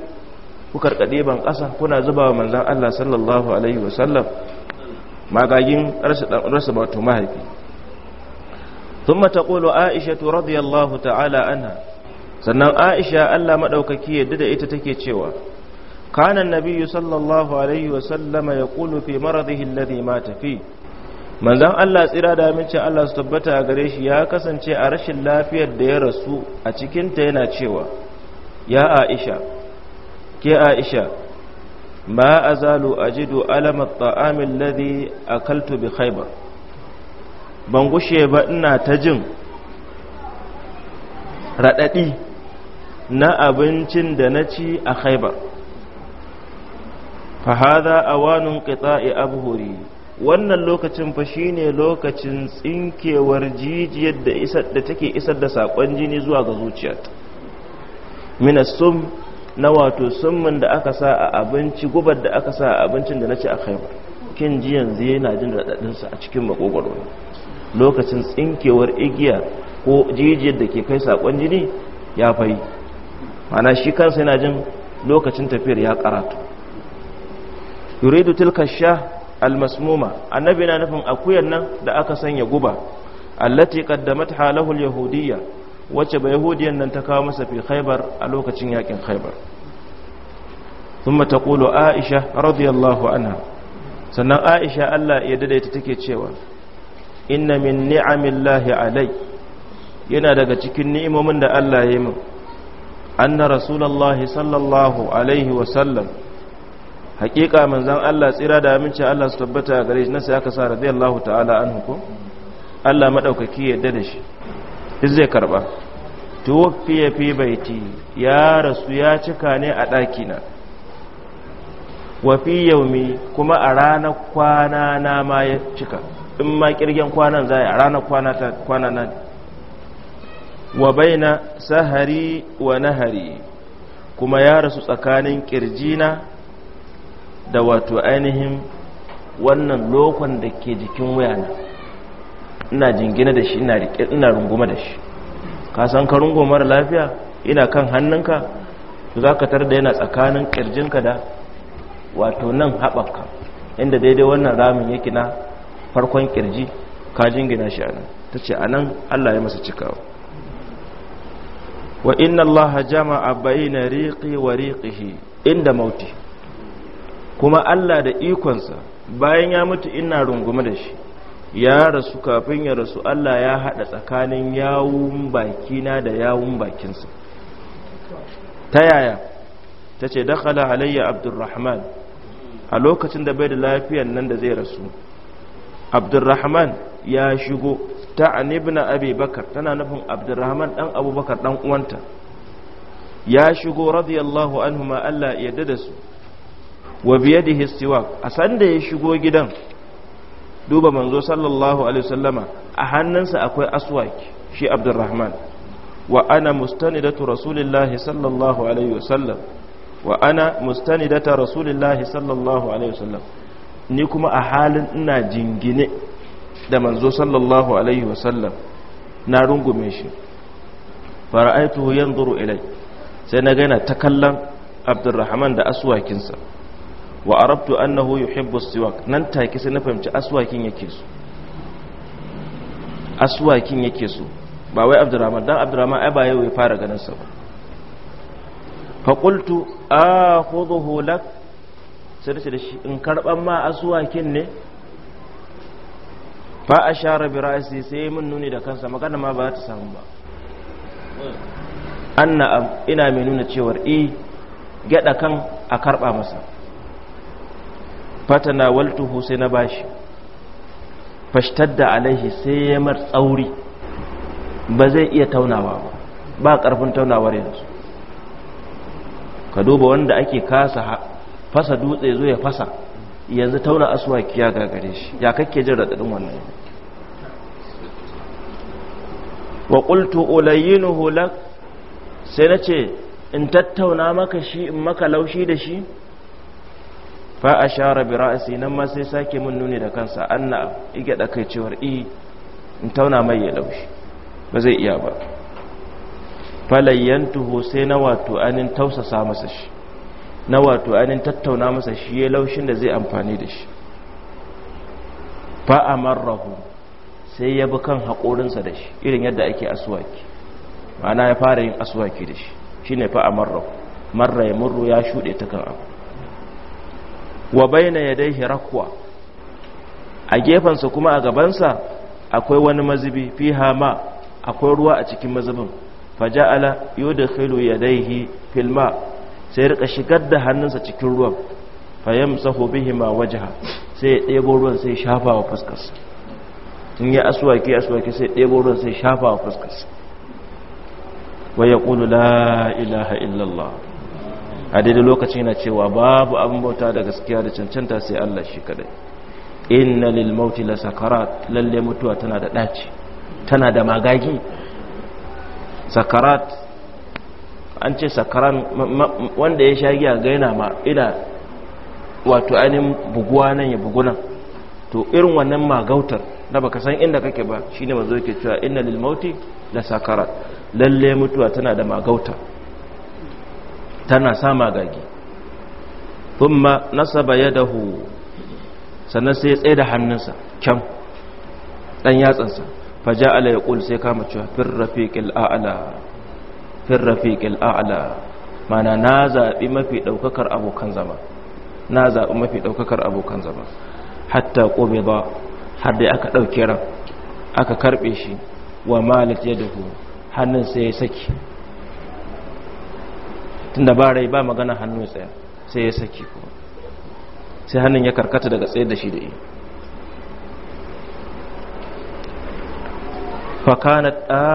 ku karkaɗe ban ƙasa kuna zuba wa manzan Allah sallallahu alaihi wasallam magagin rasa wato mahaifi sun mata ƙulu aisha tu radiyallahu ta'ala ana sannan aisha Allah maɗaukaki yadda da ita take cewa kanan nabiyu sallallahu alaihi wasallama ya ƙulu fi maradihin ladhi ma tafi manzan Allah tsira da amincin Allah su tabbata a gare shi ya kasance a rashin lafiyar da ya rasu a cikinta yana cewa ya aisha ke aisha ma a zalo a jido alamar ta'amin lade a kaltu bi haiba ban gushe ba ina ta jin raɗaɗi na abincin da na ci a haiba fa haza awanun abu abuhuri wannan lokacin fa ne lokacin tsinkewar jijiyar da isar da take isar da sakon jini zuwa ga zuciyarta minasum na wato summin da aka sa a abinci gubar da aka sa a abincin da nace a khaibar kin ji yanzu yana jin radadin sa a cikin makogwaro lokacin tsinkewar igiya ko jijiyar da ke kai sakon jini ya fayi mana shi kansa yana jin lokacin tafiyar ya karatu yuridu tilka sha almasmuma annabi na nufin akuyar nan da aka sanya guba allati qaddamat halahu alyahudiyya wacce ba yahudiyan nan ta kawo masa fi khaybar a lokacin yakin khaybar thumma taqulu aisha radiyallahu anha sannan aisha Allah ya daidaita take cewa inna min ni'amillahi alai yana daga cikin ni'imomin da Allah ya yi min anna rasulullahi sallallahu alaihi wa sallam haƙiƙa manzan Allah tsira da aminci Allah su tabbata gare shi na sai aka sa radiyallahu ta'ala an hukum. Allah maɗaukaki ya da shi duk zai karba ya fi baiti ya rasu ya cika ne a ɗakina Wafi yaumi kuma a ranar kwana na ma ya cika in ma kirgen kwanan za a ranar kwana ta kwana nan wa baina sahari wa nahari kuma ya rasu tsakanin ƙirjina da wato ainihin wannan lokon da ke jikin wuyana ina jingina da shi ina runguma da shi ka san ka mara lafiya ina kan hannunka za ka tar da yana tsakanin ƙirjinka da wato nan haɓaka inda daidai wannan ramin yake na farkon kirji ka jingina shi anan ta ce anan allah ya masa cikawa wa inna allaha jama'a bayna riqi wa riqihi inda mauti kuma Allah da ikonsa bayan ya mutu ina rungume da shi ya rasu kafin ya rasu Allah ya haɗa tsakanin yawun bakina da yawun bakinsa ta yaya ta ce dakala halayya abdurrahman a lokacin da bai da lafiyan nan da zai rasu abdurrahman ya shigo ta anibna abi bakar tana nufin abdurrahman ɗan abubakar ɗan uwanta ya shigo radiyallahu anhu ma Allah ya dada su wa da siwak a sanda ya shigo gidan duba manzo sallallahu alaihi sallama a hannunsa akwai aswaki shi abdurrahman wa ana mustanidatu rasulillahi sallallahu alaihi wasallam wa ana mustanidata rasulillahi sallallahu alaihi wasallam ni kuma a halin ina jingine da manzo sallallahu alaihi wasallam na rungume shi fara'aituhu yanzuru ilai sai na ga ta kallon abdurrahman da aswakinsa wa arabtu annahu yuhibbu siwak nan take sai na fahimci aswakin yake so aswakin yake so ba wai abdurrahman dan abdurrahman ai ba yau ya fara ganin sa ba fa qultu akhudhuhu lak sai da shi in karban ma aswakin ne fa ashara bi ra'si sai mun nuni da kansa magana ma ba ta samu ba anna ina mai nuna cewar eh gada kan a karba masa fatana waltuhu sai na bashi fashtadda alaihi sai ya mar tsauri ba zai iya taunawa ba ba karfin taunawar yanzu ka duba wanda ake kasa fasa dutse zo ya fasa yanzu tauna aswaki ya gagare shi ya kake jin raɗaɗin wannan wa ƙultu ulayinuhu lak sai na ce in tattauna maka shi in maka laushi da shi fa share bi ra'asi nan ma sai sake mun nuni da kansa anna ige da kai cewar i in tauna mai ya laushi ba zai iya ba falayyantuhu sai na wato anin tausasa masa shi na wato anin tattauna masa shi ya laushin da zai amfani da shi Fa amarrahu sai ya bi kan haƙorinsa da shi irin yadda ake aswaki ma'ana ya fara yin aswaki da shi shi ne amarrahu marra ya murru ya shuɗe ta kan abu wa baina yadayhi rakwa a gefensa kuma a gabansa akwai wani mazubi fiha ma akwai ruwa a cikin mazubin faja'ala yudkhilu yadayhi fil ma sai rika shigar da hannunsa cikin ruwan fayamsahu bihima wajha sai ya debo ruwan sai shafa wa fuskarsa in ya aswaki aswaki sai debo ruwan sai shafa wa fuskarsa wa yaqulu la ilaha illallah a daidai lokaci na cewa babu abin bauta da gaskiya da cancanta sai Allah shi kadai inna lil mauti la sakarat lalle mutuwa tana da daci tana da magagi sakarat an ce sakaran wanda ya sha giya ga yana ma ina wato ainihin buguwa nan ya buguna to irin wannan magautar na baka san inda kake ba shine manzo yake cewa inna lil mauti la sakarat lalle mutuwa tana da magautar tana sa gagi thumma nasaba yadahu sannan sai ya tsaye da hannunsa kyan dan yatsansa faja'ala yaqul sai kama cewa fir rafiqil a'la fir rafiqil a'la mana na zabi mafi daukakar abokan zama na zabi mafi daukakar abokan zama hatta qubida har dai aka dauke ran aka karbe shi wa malat yadahu hannun sai ya saki tunda ba rai ba magana hannu ya tsaya sai ya saki kuma sai hannun ya karkata daga tsaye da shi da iya fakana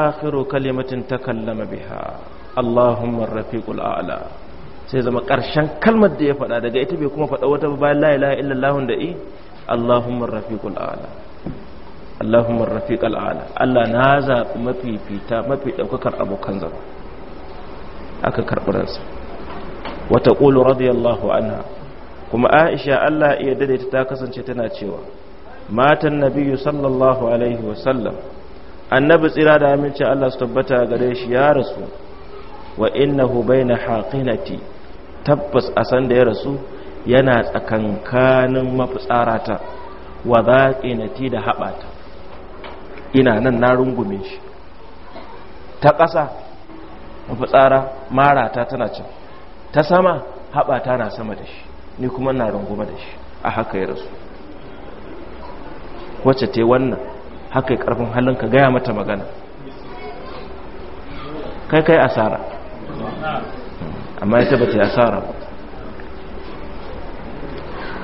akhiru kalimatin kallama biha allahumma rafiqul a'la sai zama ƙarshen kalmar da ya faɗa daga ita bai kuma faɗa wata bayan la ilaha illallah da i allahumma rafiqul a'la Allahumma rafiqal ala Allah na zaɓi mafi fita mafi ɗaukakar abokan zama aka karɓi ransa wata ƙulu radiyallahu anha kuma aisha allah iya dade ta kasance tana cewa matan nabiyu sallallahu alaihi wasallam annabi tsira da aminci allah su tabbata gare shi ya rasu wa innahu baina haqinati tabbas a sanda ya rasu yana tsakankanin mafitsarata wa zaqinati da haɓata ina nan na rungume shi ta ƙasa mafitsara mara ta tana can ta sama haɓata na sama da shi ni kuma na runguma da shi a haka ya rasu wacce ta wannan haka ya ƙarfin halin ka gaya mata magana kai kai asara amma ya tabbata ya asara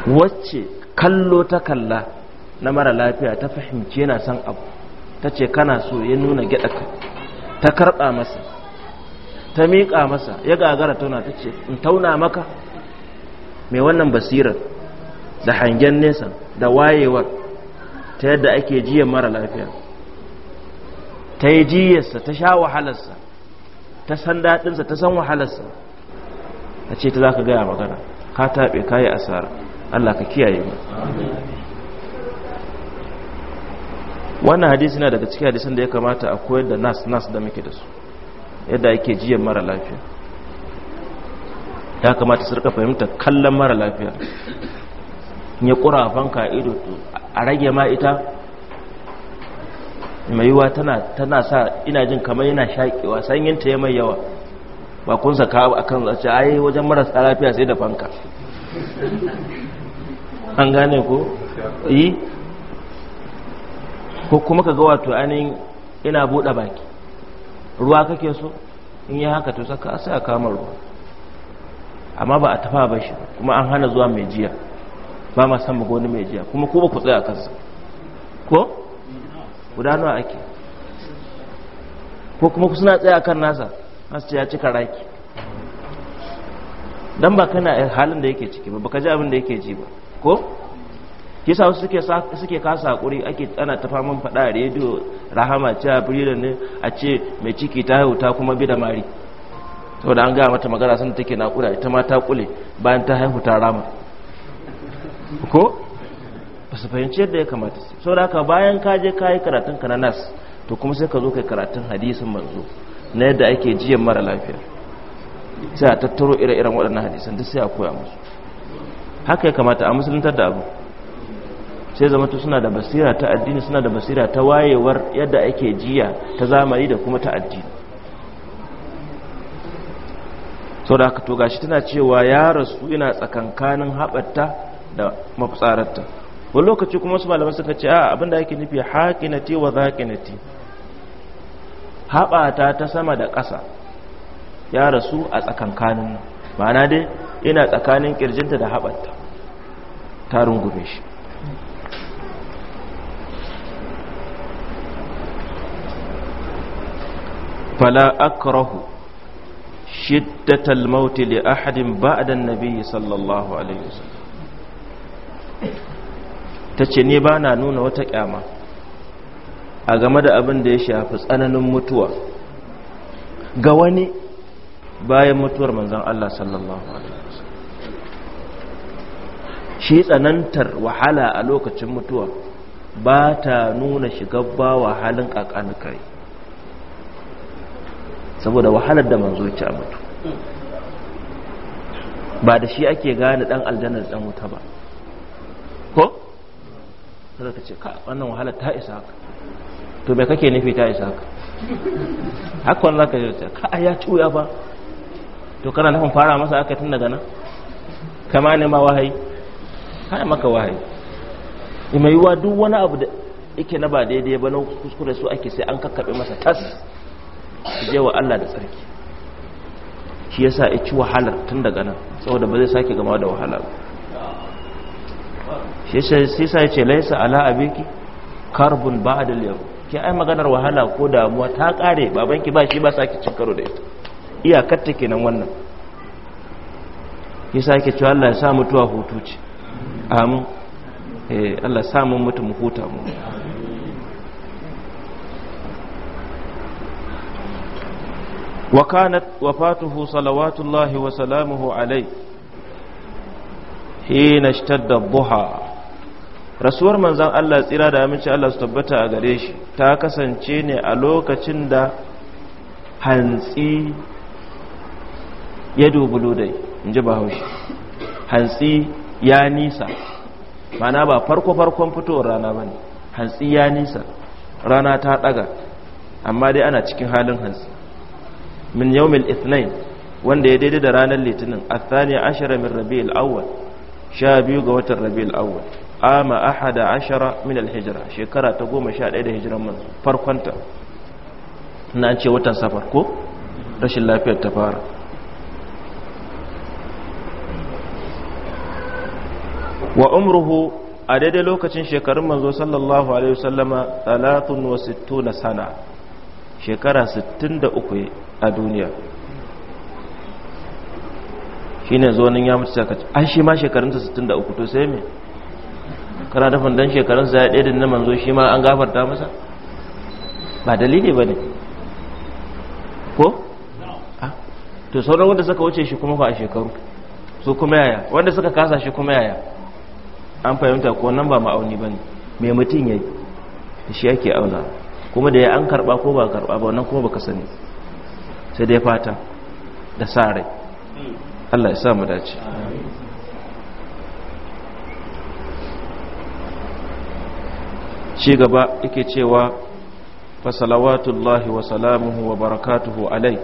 wacce kallo ta kalla na mara lafiya ta fahimci yana son abu ta ce kana so ya nuna gyaɗa ta karɓa masa ta miƙa masa ya gagara tauna ta ce in tauna maka mai wannan basirar da hangen nesa da wayewar ta yadda ake jiyan mara lafiya ta yi jiyarsa ta sha wahalarsa ta san daɗinsa ta san wahalarsa a ce ta za ka gaya magana ka taɓe ka yi asara allah ka kiyaye mu wannan hadisi na daga cikin hadisan da ya kamata a koyar da nas nas da muke da su yadda ake jiyan mara lafiya ta kamata su rika fahimta kallon mara lafiya ya kura fanka ido a rage ma ita mai yiwa tana sa ina jin kamar yana shaƙewa sanyinta ya mai yawa ba kun saka a kan zace ai wajen marasa lafiya sai da fanka an gane ko yi eh. ko kuma ka ga wato ainihin ina buɗe baki ruwa kake so in yi haka to saka sai a kama ruwa amma ba a tafa ba shi kuma an hana zuwa mai jiya ba ma san magoni mai jiya kuma ko ba ku tsaya kansa ko gudanuwa ake ko kuma ku suna tsaya kan nasa masu ce ya cika raki don ba kana halin da yake ciki ba baka ji abin da yake ji ba ko kisa wasu suke suke kasa hakuri ake ana ta faman faɗa a rediyo rahama ce a birnin ne a ce mai ciki ta haihu ta kuma bi da mari saboda an gaya mata magana sun take nakuda ita ma ta kule bayan ta haihu ta rama ko ba su fahimci yadda ya kamata saboda haka bayan ka je ka yi karatun ka na nas to kuma sai ka zo kai karatun hadisin manzo na yadda ake jiyan mara lafiya sai a tattaro ire-iren waɗannan hadisan duk sai a koya musu haka ya kamata a musuluntar da abu sai zama tu suna da basira ta addini suna da basira ta wayewar yadda ake jiya ta zamani da kuma ta addini sau to gashi tana cewa ya rasu ina tsakankanin haɓarta da mafitsararta wani lokaci kuma su malamai suka ce a abinda ake nufi haƙinati wa zaƙinati haɓata ta sama da ƙasa ya rasu a tsakankanin ma'ana dai ina tsakanin ƙirjinta da haɓarta ta rungume shi fala أكره شدة الموت لأحد ahadin ba'dan nabiyyi sallallahu alaihi وسلم tace ne نون وتكاما nuna wata kyama a game da abin da ya shafi tsananin mutuwa ga wani bayan mutuwar shi tsanantar wahala a lokacin mutuwa ba ta nuna shigar ba wahalin kai. saboda wahalar da manzo ya mutu ba da shi ake gane dan aljanna da dan wuta ba ko sai ka ce ka wannan wahalar ta isa ka to me kake nufi ta isa ka hakan za ka ce ka ya tuya ba to kana nufin fara masa aka tun daga nan kama ne ma wahayi kai maka wahayi mai yiwa duk wani abu da yake na ba daidai ba na kuskure su ake sai an kakkaɓe masa tas su je wa Allah da tsarki shi ya ya ci wahalar tun daga nan saboda ba zai sake gama da wahala ba shi sa ya ce laisa ala abiki karbun ba adal yau ki ai maganar wahala ko damuwa ta kare babanki ba shi ba sake cin karo da ita iyakar ta kenan wannan yasa yake cewa Allah ya sa mutuwa hutu ce amin eh Allah ya sa mu mutu mu huta mu وكانت وفاته صلوات الله وسلامه عليه حين اشتد الضحى rasuwar manzan Allah tsira da aminci Allah su tabbata a gare shi ta kasance ne a lokacin da hantsi ya dubu dai in ji bahaushe hantsi ya nisa mana ba farko-farkon fitowar rana ba ne hantsi ya nisa rana ta daga amma dai ana cikin halin hantsi min yawmil ithnain wanda ya daidai da ranar litinin a athani ashara min rabi'il awwal sha biyu ga watan rabi'il awwal ama ahada ashara min alhijra shekara ta goma sha ɗaya da hijiran mun farkonta na ce watan safar ko rashin lafiyar ta fara wa umruhu a daidai lokacin shekarun manzo sallallahu alaihi wasallama 63 sana shekara 63 a duniya shi ne zonin ya mutu sakaci an shi ma da 63 to sai me kana dafin don shekarunsa ya ɗaya da na manzo shi ma an gafarta masa ba dalili ba ne ko? Ah, to sauran wanda suka wuce shi kuma ba a shekaru su kuma yaya wanda suka kasa shi kuma yaya an fahimta ko nan ba ma'auni ba ne mai mutum ya yi shi yake auna kuma da ya an karɓa ko ba karɓa ba wannan kuma ba ka sani sai dai fata da sa rai Allah ya sa mu dace ci gaba yake cewa fasalawatullahi wa salamuhu wa barakatuhu alai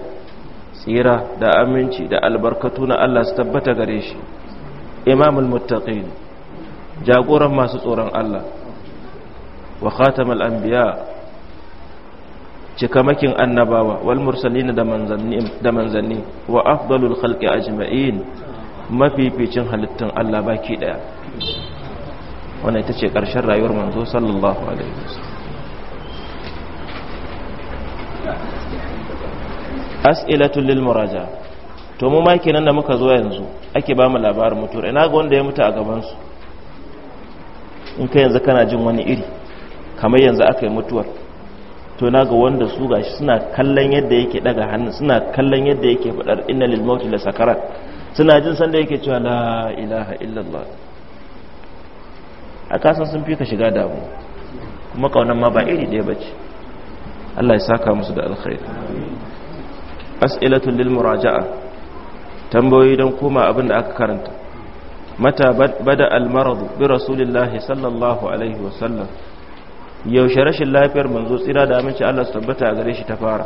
tsira da aminci da albarkatu na Allah su tabbata gare shi imamul muttaqin jagoran masu tsoron Allah wa khatamal anbiya cikamakin annabawa wal mursalin da manzanni wa afdalul khalqi ajma'in mafificin halittun Allah baki daya wanda ita ce ƙarshen rayuwar manzo sallallahu alaihi wasallam as'ilatul lil muraja to mu ma kenan da muka zo yanzu ake ba mu labarin mutuwar ina ga wanda ya mutu a gaban su in kai yanzu kana jin wani iri kamar yanzu aka yi mutuwar to na ga wanda su ga shi suna kallon yadda yake daga hannun suna kallon yadda yake faɗar ina lil da la suna jin sanda yake cewa la ilaha illallah a kasan sun fi ka shiga damu kuma kaunan ma ba iri ɗaya bace Allah ya saka musu da alkhairi as'ilatul lil muraja'a tambayoyi don koma abin da aka karanta mata bada al maradu bi rasulillahi sallallahu alaihi wa sallam yaushe rashin lafiyar manzo tsira da aminci Allah su tabbata a gare shi ta fara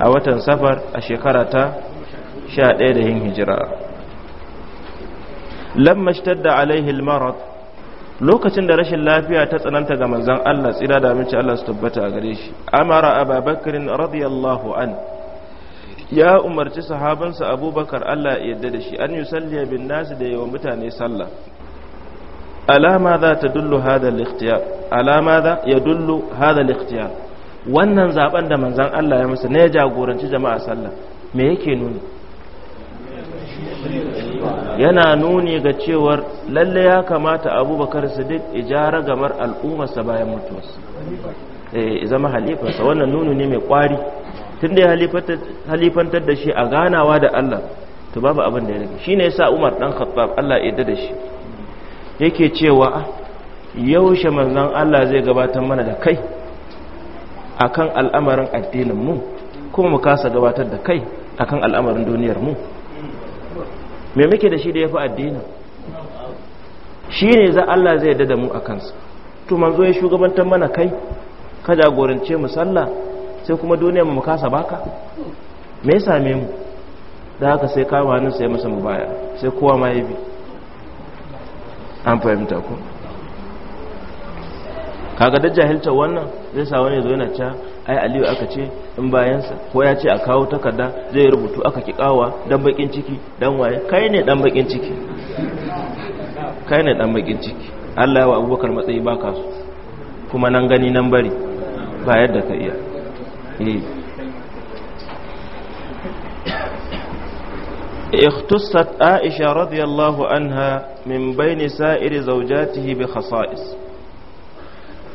a watan safar a shekara ta 11 da yin hijira lamma shtadda alaihi almarad lokacin da rashin lafiya ta tsananta ga manzon Allah tsira da aminci Allah su tabbata a gare shi amara ababakar radiyallahu an ya umarci sahabansa abubakar Allah ya yarda da shi an yusalliya bin nasi da yawan mutane sallah alama za ta dullu hada ikhtiyar alama za ya dullu hada ikhtiyar wannan zaben da manzan Allah ya masa na ya jagoranci jama'a sallah me yake nuni yana nuni ga cewar lalle ya kamata abubakar siddiq ijara gamar al'ummarsa bayan mutuwarsa eh zama halifarsa wannan nuni ne mai kwari tunda ya halifantar da shi a ganawa da Allah to babu abin da ya rage shine yasa Umar dan Khattab Allah ya yarda da shi yake cewa ah, yaushe manzan Allah zai gabatar mana da kai akan al'amarin addininmu mu kuma mu kasa gabatar da kai akan al'amarin duniyar mu me muke da shi da ya yafi addinin ne za Allah zai yarda da mu a kansa to manzo ya shugabantar mana kai ka jagorance mu sallah sai kuma duniyar mu kasa baka me ya same mu da haka sai kama hannun sai masa mu baya sai kowa ma ya bi an fahimta ku kaga da jahilta wannan zai sa wani zo yana ca ai aliyu aka ce in bayansa ko ya ce a kawo takarda zai rubutu aka ki kawa dan bakin ciki dan waye kai ne dan bakin ciki kai ne dan bakin ciki Allah ya wa abubakar matsayi baka su kuma nan gani nan bari ba yadda ka iya eh اختصت عائشة رضي الله عنها من بين سائر زوجاته بخصائص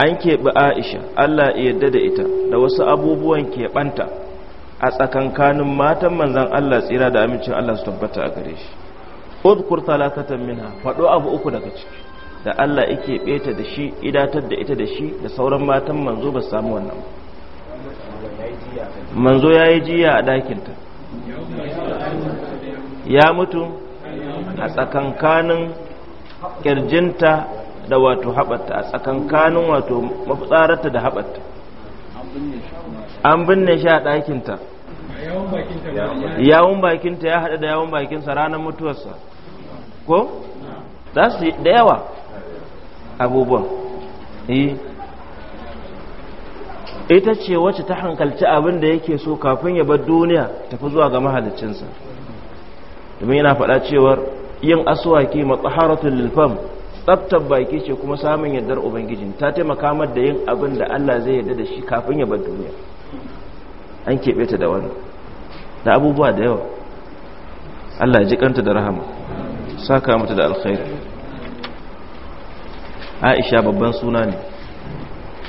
an keɓi aisha allah ya yarda da ita da wasu abubuwan keɓanta a tsakankanin matan manzan allah tsira da amincin allah su tabbata a gare shi udkur talakatan minha faɗo abu uku daga ciki da allah ya keɓe ta da shi idatar da ita da shi da sauran matan manzo ba samu wannan manzo ya yi jiya a ɗakinta ya mutu a tsakankanin kirjinta da wato haɓata a tsakankanin wato mafitsararta da haɓata an binne shi a ɗakinta yawun bakinta ya haɗu da yawun bakinsa ranar mutuwarsa ko? za su da yawa abubuwan eh. ita ce wacce ta hankalci abin da yake so kafin ya bar duniya tafi zuwa ga mahalicinsa domin yana faɗa cewar yin aswaki matsaharatun lilfam tsaftar baki ce kuma samun yardar ubangijin ta taimaka mar da yin abin da Allah zai yarda da shi kafin ya bar duniya an keɓe ta da wani da abubuwa da yawa Allah ya ji kanta da rahama saka mata da alkhairi Aisha babban suna ne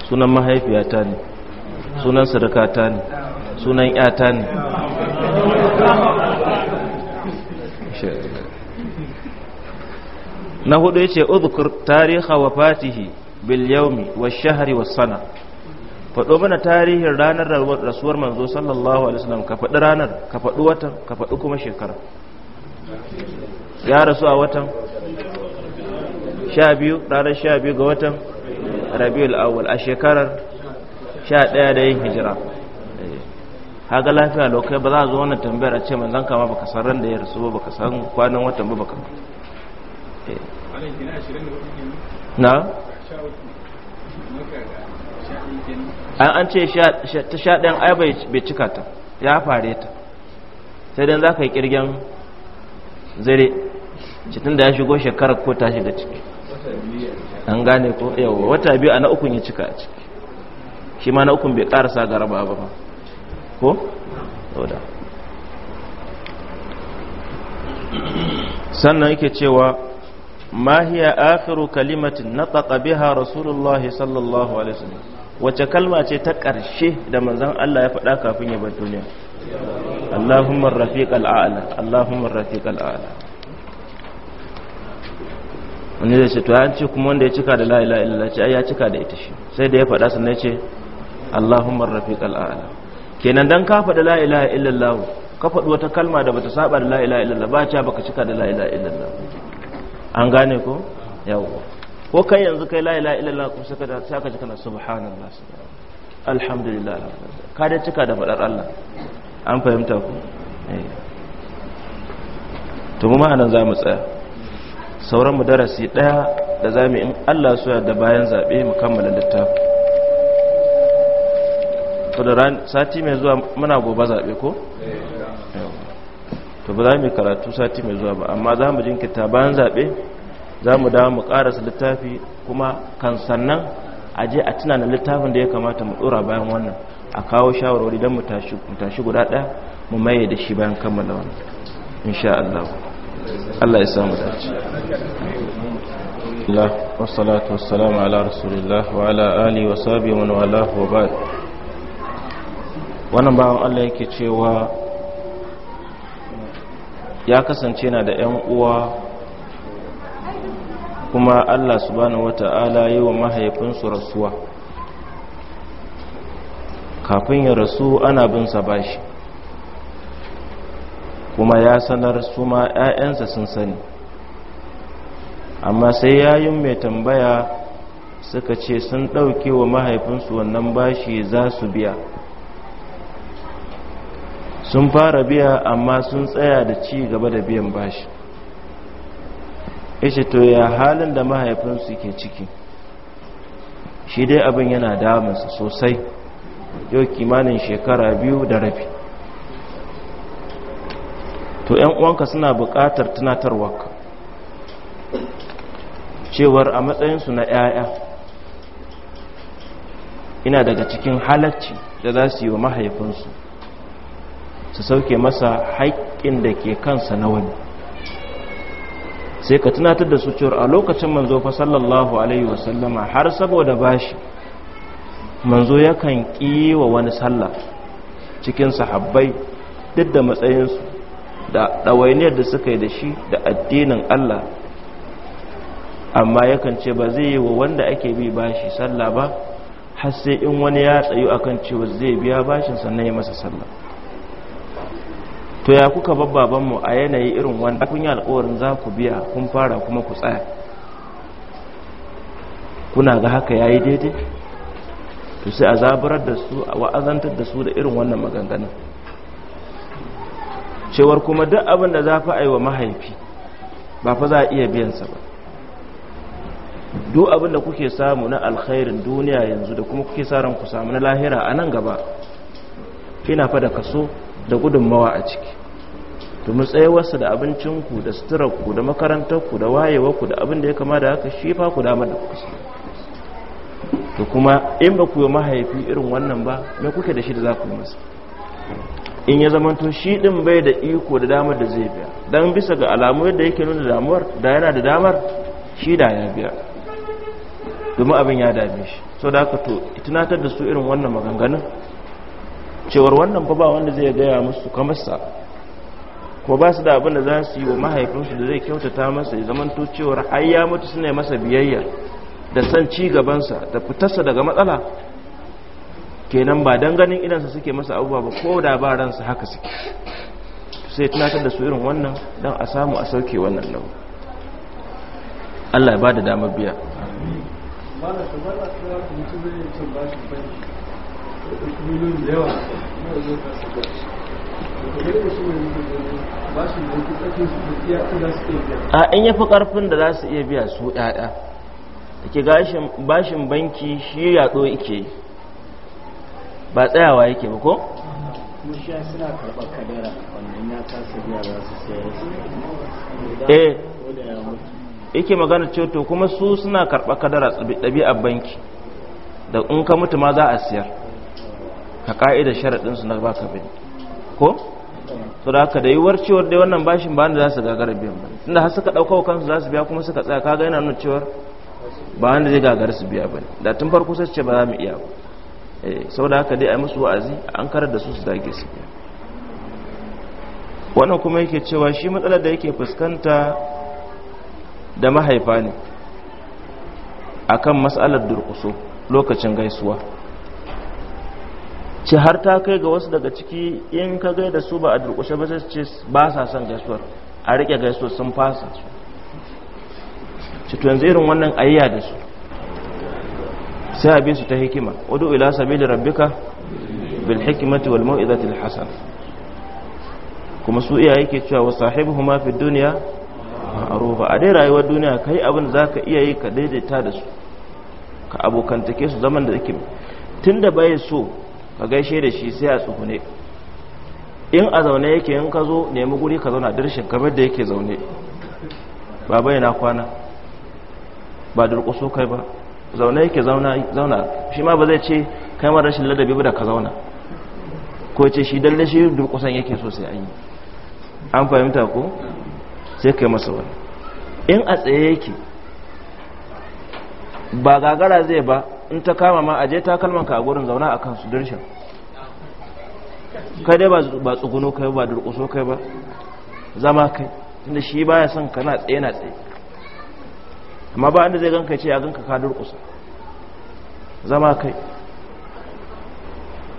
sunan mahaifiyata ne sunan sadakata ne sunan yata ne na hudu yace udhkur tariha wa bil yawmi wash shahri was sana faɗo mana tarihin ranar rasuwar manzo sallallahu alaihi wasallam ka faɗi ranar ka faɗi watan ka faɗi kuma shekara ya rasu a watan sha biyu ranar sha biyu ga watan rabiul awwal a shekarar sha ɗaya da yin hijira haga eh, lafiya lokai ba za a zo wannan tambayar a ce manzon kama baka san ran da ya rasu ba baka san kwanan watan ba baka na an ce ta sha ɗan ai bai cika ta ya fare ta sai dan za ka yi ƙirgen zare cikin da ya shigo shekarar ko tashi da ciki an gane ko yau wata biyu a na ukun ya cika a ciki shi ma na ukun bai ƙarasa ga raba ba ba ko? da sannan yake cewa ما هي آخر كلمة نطق بها رسول الله صلى الله عليه وسلم wace kalma ce ta ƙarshe da manzon Allah ya faɗa kafin ya bar duniya Allahumma rafiq al'ala Allahumma rafiq al'ala wani zai ce to an ce kuma wanda ya cika da la ilaha illallah ce ai ya cika da ita shi sai da ya faɗa sun ya ce Allahumma rafiq al'ala kenan dan ka faɗa la ilaha illallah ka faɗi wata kalma da bata saba da la ilaha illallah ba ta baka cika da la ilaha illallah an gane ko yawo ko kai yanzu kai la ilaha illallah kuma saka da saka ji kana subhanallah alhamdulillah ka da cika da fadar Allah an fahimta ku eh. to mu ma'anan za mu tsaya sauran mu darasi daya da za mu in Allah su da bayan zabe mu kammala littafi to da sati mai zuwa muna gobe zabe ko eh, to ba za mu karatu sati mai zuwa ba amma za mu jinkita bayan zaɓe za mu dawo mu ƙarasa littafi kuma kan sannan a je a tuna na littafin da ya kamata mu ɗora bayan wannan a kawo shawarwari don mu tashi guda ɗaya mu maye da shi bayan kammala wannan insha Allah Allah ya samu dace Allah wassalatu wassalamu ala rasulillah wa ala ali wa sahbihi wa wala wa ba'd wannan bawon Allah yake cewa ya kasance na da 'yan uwa kuma allah su subhanahu wata'ala yi wa mahaifinsu rasuwa kafin ya rasu ana bin sa bashi kuma ya sanar su ma 'ya'yansa sun sani amma sai yayin mai tambaya suka ce sun ɗauke wa mahaifinsu wannan bashi za su biya sun fara biya amma sun tsaya da ci gaba da biyan bashi ishe to ya halin da mahaifinsu ke ciki shi dai abin yana damunsa sosai yau kimanin shekara biyu da rabi to 'yan uwanka suna buƙatar tunatarwa cewar a matsayinsu na 'ya'ya ina daga cikin halacci da za su yi wa mahaifinsu su sauke masa haƙƙin da ke kansa na wani sai ka tunatar da su cewar a lokacin manzo fa sallallahu alaihi wasallama har saboda bashi manzo yakan ƙi wa wani sallah cikin sahabbai duk da matsayinsu da ɗawainiyar da suka yi da shi da addinin Allah amma yakan ce ba zai yi wa wanda ake bi bashi sallah ba har sai in wani ya tsayu akan cewa zai biya bashin sannan ya masa sallah to ya kuka babbabanmu a yanayi irin wanda kun yi alkawarin za ku biya kun fara kuma ku tsaya kuna ga haka ya yi daidai to sai a zabarar da su a wa'azantar da su da irin wannan maganganun cewar kuma duk abin da za fi aiwa mahaifi ba fa za a iya biyansa ba duk abin da kuke samu na alkhairin duniya yanzu da kuma kuke sa ran ku samu na lahira a nan gaba ina fa da kaso da gudunmawa a ciki domin tsayawarsa da abincinku da suturarku da makarantarku da wayewarku da abin da ya kama da haka shi fa ku damar da kuka to kuma in ba ku yi mahaifi irin wannan ba me kuke da shi da za ku masa in ya to shi din bai da iko da damar da zai biya don bisa ga alamu yadda yake nuna damuwar da yana da damar shi da ya biya domin abin ya dame shi so da haka to tunatar da su irin wannan maganganun cewar wannan fa ba wanda zai gaya musu kamar sa ko ba su da abin da za su yi wa mahaifinsu da zai kyautata masa ya zamanto cewar har ya mutu suna masa biyayya da san ci gabansa da fitarsa daga matsala kenan ba don ganin idansa suke masa abubuwa ba ko da ba ransa haka suke sai tunatar da su irin wannan don a samu a sauke wannan nau Allah ya ba da damar biya. Ba da su ba su yi a in ya fi karfin da za su iya biya su ɗaya ke bashin banki shi yaɗo ike yi ba tsayawa yake ba ko? mushiya suna karɓar kadara wannan ya kasa biya za su sayar eh yake magana cewa kuma su suna karɓar kadara ɗabi'ar banki da in ka mutu ma za a siyar Ka a sharaɗin su na ba ka bin ko to da haka da yiwuwar cewar dai wannan bashin ba da za su gagara biyan ba tunda har suka ɗauka kansu za su biya kuma suka tsaya kaga yana nuna cewar ba wanda zai gagara su biya ba da tun farko sai su ce ba za mu iya ba eh, sau da haka dai a musu wa'azi an karar da su su dage su biya wannan kuma yake cewa shi matsalar da yake fuskanta da mahaifa ne akan matsalar durƙuso lokacin gaisuwa ce har ta kai ga wasu daga ciki in ka gai da su ba a durƙushe ba ce ba sa son gaisuwar a riƙe gaisuwar sun fasa ce to irin wannan ayya da su sai a su ta hikima wadu ila da rabbika bil hikimati wal mau'izati hasan kuma su iyaye ke cewa wasahibuhuma fid humafi duniya a dai rayuwar duniya kai abin za ka iya yi ka daidaita da su ka abokantake su zaman da tun da bai so ka gaishe da shi sai a tsugune in a zaune yake in ka zo nemi guri ka zauna dirshin kamar da yake zaune ba na kwana ba durƙuso kai ba zaune yake zauna shi ma ba zai ce kai ma rashin ladabi ba da ka zauna ko ce shi dalle shi durƙusan yake so sai an yi an fahimta ko sai kai masa wani in a tsaye yake ba gagara zai ba in ta kama ma aje takalman ka a gurin zauna a kansu dirshin kai dai ba tsuguno kai ba durkuso kai ba zama kai tunda shi baya son kana tsaye na tsaye amma ba inda zai ganka ce a ganka ka durƙusa zama kai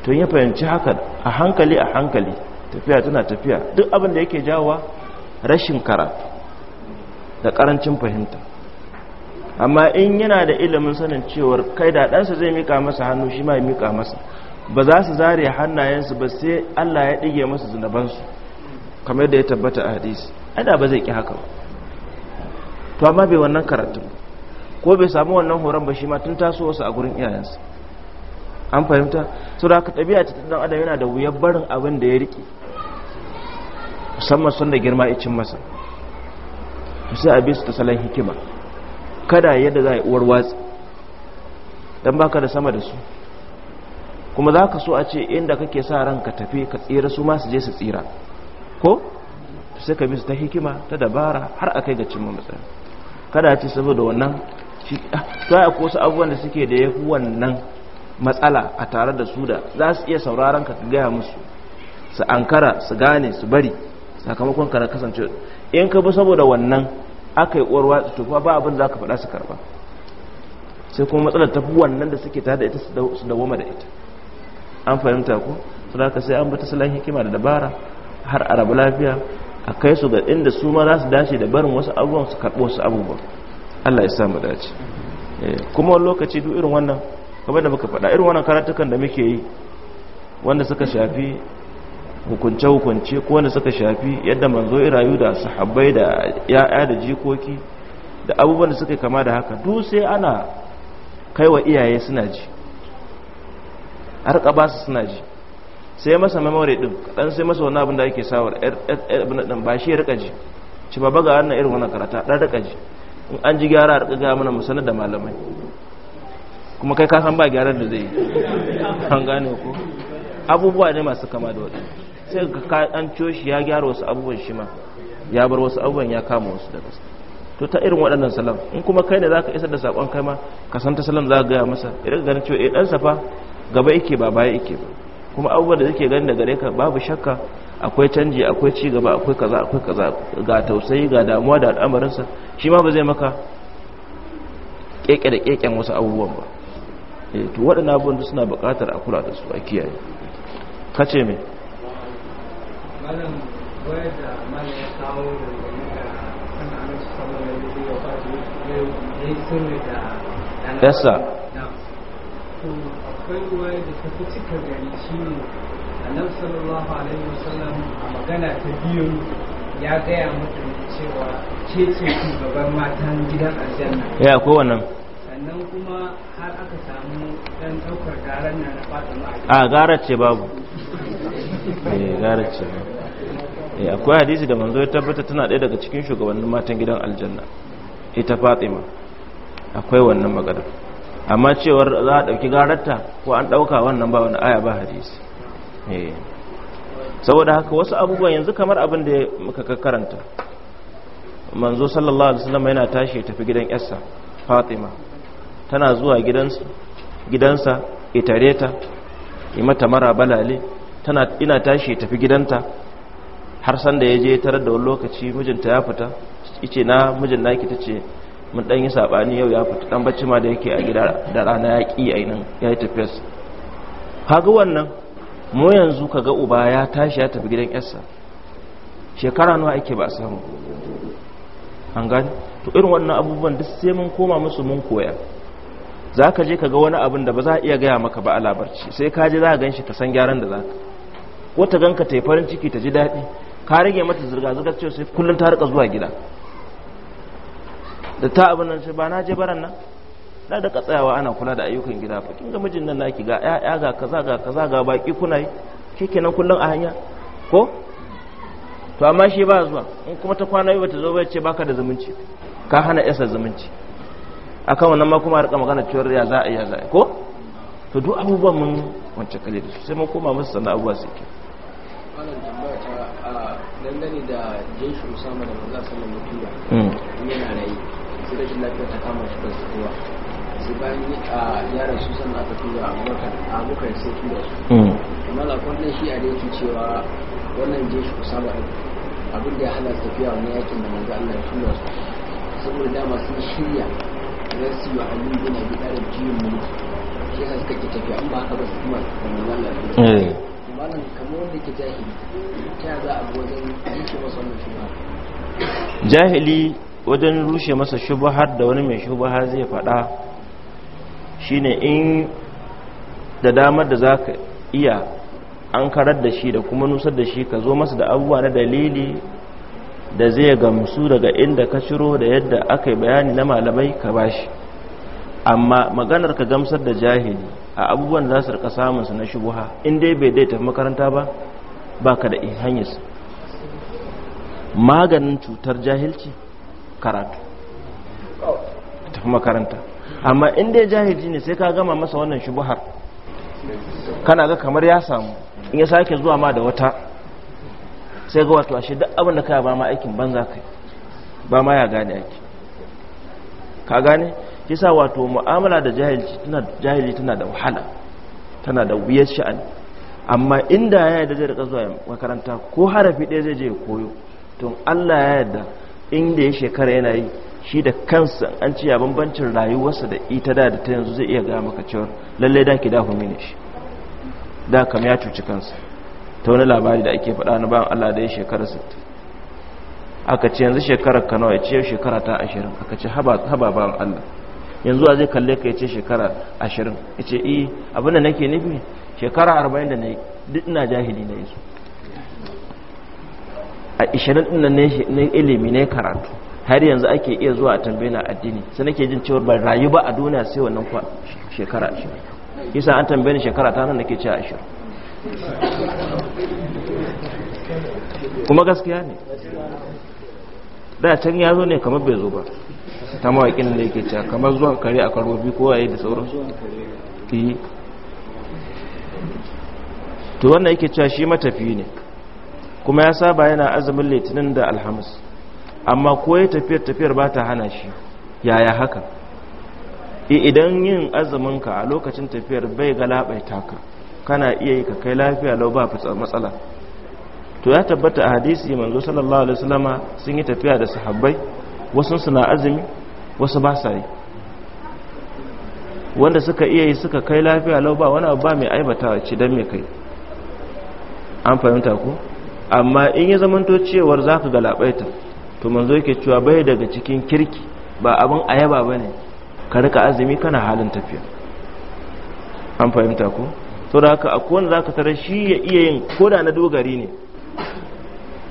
tun ya fahimci haka a hankali a hankali tafiya tana tafiya duk abin da yake jawowa rashin karatu da ƙarancin fahimta amma in yana da ilimin sanin cewar kai da ɗansa zai mika masa hannu shi ma ya mika masa ba za su zare hannayensu ba sai Allah ya ɗige masa zinabansu kamar da ya tabbata a hadisi ana ba zai ƙi haka ba to amma bai wannan karatu ko bai samu wannan horon ba shi ma tun taso wasu a gurin iyayensa an fahimta sau da aka ɗabi'a ta ɗan adam yana da wuyar barin abin da ya riƙe musamman sun da girma icin masa sai a bi su ta salon hikima kada yadda za a yi uwar watsi don baka da sama da su kuma za ka so a ce inda kake sa ranka tafi ka tsira su masu je su tsira ko sai ka bi ta hikima ta dabara har a kai ga cimma matsayi kada ce saboda wannan shi ta yi abubuwan da suke da ya fi wannan matsala a tare da su da za su iya sauraron ka gaya musu su ankara su gane su bari sakamakon ka na kasance in ka bi saboda wannan aka yi uwar watsi tufa ba abin da za ka faɗa su karɓa sai kuma matsalar tafi wannan da suke tare da ita su dawoma da ita an fahimta ko ka sai an bata salon hikima da dabara har arabu lafiya a kai su ga inda su ma za su dace da barin wasu abubuwan su karɓo su abubuwan Allah ya sa mu dace eh, kuma wani lokaci duk irin wannan kamar da muka faɗa irin wannan karatukan da muke yi wanda suka shafi hukunce-hukunce ko wanda suka shafi yadda manzo rayu da sahabbai da ya'ya da jikoki da abubuwan da suka kama da haka duk sai ana kaiwa iyaye suna ji har ba su suna ji sai masa memory din kadan sai masa wani abin da ake sawar er, ɗan er, er, din ba shi ya rika ji ci baba ga wannan irin wannan karata da rika ji in an ji gyara rika ga mana musanar da malamai kuma kai ka san ba gyaran da zai yi an gane ko abubuwa ne masu kama da waɗanda sai ka an coshi ya gyara wasu abubuwan shi ma ya bar wasu abubuwan ya kama wasu da gaske to ta irin waɗannan salam in kuma kai ne zaka isar da sakon kai ma ka san ta salam za ka gaya masa idan ganin cewa eh dan safa gaba yake ba baya yake ba kuma abubuwan da suke gani da gare ka babu shakka akwai canji akwai ci gaba akwai kaza akwai kaza ga tausayi ga damuwa da al'amarinsa shi ma ba zai maka keke da keken wasu abubuwan ba eh, to waɗannan abubuwan suna buƙatar a kula da su a kiyaye ka ce mai malam wayar da malam ya kawo da yasa akwai wayar da ta fi cika gari shi ne annabi sallallahu alaihi wasallam a magana ta biyu ya gaya mata cewa ke ce shugaban matan gidan aljanna ya sannan kuma har aka samu dan daukar garan na fatima a garar ce babu Eh, eh, akwai hadisi da manzo ya tabbata tana ɗaya daga cikin shugabannin matan gidan aljanna ita Fatima akwai wannan magana amma cewar za a ɗauki gararta ko an ɗauka wannan ba wani aya ba hadisi eh saboda haka wasu abubuwan yanzu kamar abin da muka karanta manzo sallallahu alaihi wasallam yana tashi tafi gidan yarsa Fatima tana zuwa gidansa gidansa itareta yi mata mara balale tana ina tashi tafi gidanta har san da ya je tarar da wani lokaci mijinta ya fita yace na mijin naki tace mun dan yi sabani yau ya fita dan bacci ma da yake a gida da rana ya ki nan ya yi tafiyar kaga wannan mu yanzu kaga uba ya tashi ya tafi gidan yarsa shekara nawa ake ba samu an gani to irin wannan abubuwan duk sai mun koma musu mun koya za ka je kaga wani abin da ba za a iya gaya maka ba a labarci sai ka je za a gan shi ka san gyaran da za wata ganka ta yi farin ciki ta ji daɗi ka rage mata zirga-zirga cewa sai kullum ta rika zuwa gida da ta abin nan sai ba na je baran nan na da tsayawa ana kula da ayyukan gida fa kin ga mijin nan naki ga ƴaƴa ga kaza ga kaza ga baki kuna yi kenan kullum a hanya ko to amma shi ba zuwa in kuma ta kwana bata zo ba ce baka da zumunci ka hana yasa zumunci akan wannan ma kuma rika magana cewa ya za a ya za ko to duk abubuwan mun wancan kalli da su sai mun koma musu abubuwa su ke wannan tambaya ta a dangane da jeshi usama da manzo sallallahu alaihi mm. rashin lafiya ta kama shi da tsuwa bayan ya rasu sannan aka tura sai tura su mm. amma shi a da yake cewa wannan jeshi usama din abin da ya hana tafiya wani yakin da manzo Allah tura su saboda dama sun shirya za su yi wa Ali jiyin mulki shi suka tafiya an ba haka ba su kuma manzo Allah malam kamar wanda ke jahili ta za a wajen rushe masa wani shubha jahili wajen rushe masa da wani mai shubha zai faɗa shine in da damar da za ka iya an karar da shi da kuma nusar da shi ka zo masa da abubuwa na dalili da zai gamsu daga inda ka ciro da yadda aka yi bayani na malamai ka ba shi amma maganar ka gamsar da jahili a abubuwan za su rika samunsa na shubuha in dai bai dai tafi makaranta ba ba ka da su maganin cutar jahilci karatu tafi makaranta amma in dai jahilci ne sai ka gama masa wannan shubuhar kana ga kamar ya samu in ya sake zuwa ma da wata sai ga wato ashe duk abin da ka ba ma aikin banza kai ba ma ya gane aiki ka gane kisa wato mu'amala da jahilci tana jahili tana da wahala tana da wuyar sha'ani amma inda ya da zai rika zuwa makaranta ko harafi ɗaya zai je koyo tun Allah ya yadda inda ya shekara yana yi shi da kansa an ci ya bambancin rayuwarsa da ita da da ta yanzu zai iya gaya maka cewa lalle da ki dafa mini shi da kam ya cuci kansa ta wani labari da ake faɗa na bayan Allah da ya shekara 60 aka ce yanzu shekarar kanawa ya ce shekara ta ashirin, aka ce haba bayan Allah yanzu a zai kalle ka yace shekara ashirin yace eh abin da nake nufi shekara arba'in da na yi duk ina jahili na yi su a ashirin ɗin na ilimi na karatu har yanzu ake iya zuwa a tambaye na addini sai nake jin cewa ban rayu ba a duniya sai wannan kwa shekara ashirin yasa an tambaye ni shekara ta nan nake cewa ashirin kuma gaskiya ne da can ya zo ne kamar bai zo ba ta mawaƙin da yake cewa kamar zuwa kare a biyu, ko waye da sauran ki to wannan yake cewa shi matafi ne kuma ya saba yana azumin litinin da alhamis amma ko ya tafiyar tafiyar ba ta hana shi yaya haka idan yin azuminka a lokacin tafiyar bai galabaita taka, kana iya yi ka kai lafiya lau ba matsala to ya tabbata a hadisi manzo sallallahu alaihi wasallama sun yi tafiya da sahabbai wasu suna azumi wasu ba sa yi wanda suka iya yi suka kai lafiya lau ba wani ba mai aibatawa ce don mai kai an fahimta ku amma in ya zamanto cewar za ka galabaita to manzo yake cewa bai daga cikin kirki ba abin ayaba ba ne ka rika azumi kana halin tafiya an fahimta ku to da haka akwai wanda za ka tara shi ya iya yin koda na dogari ne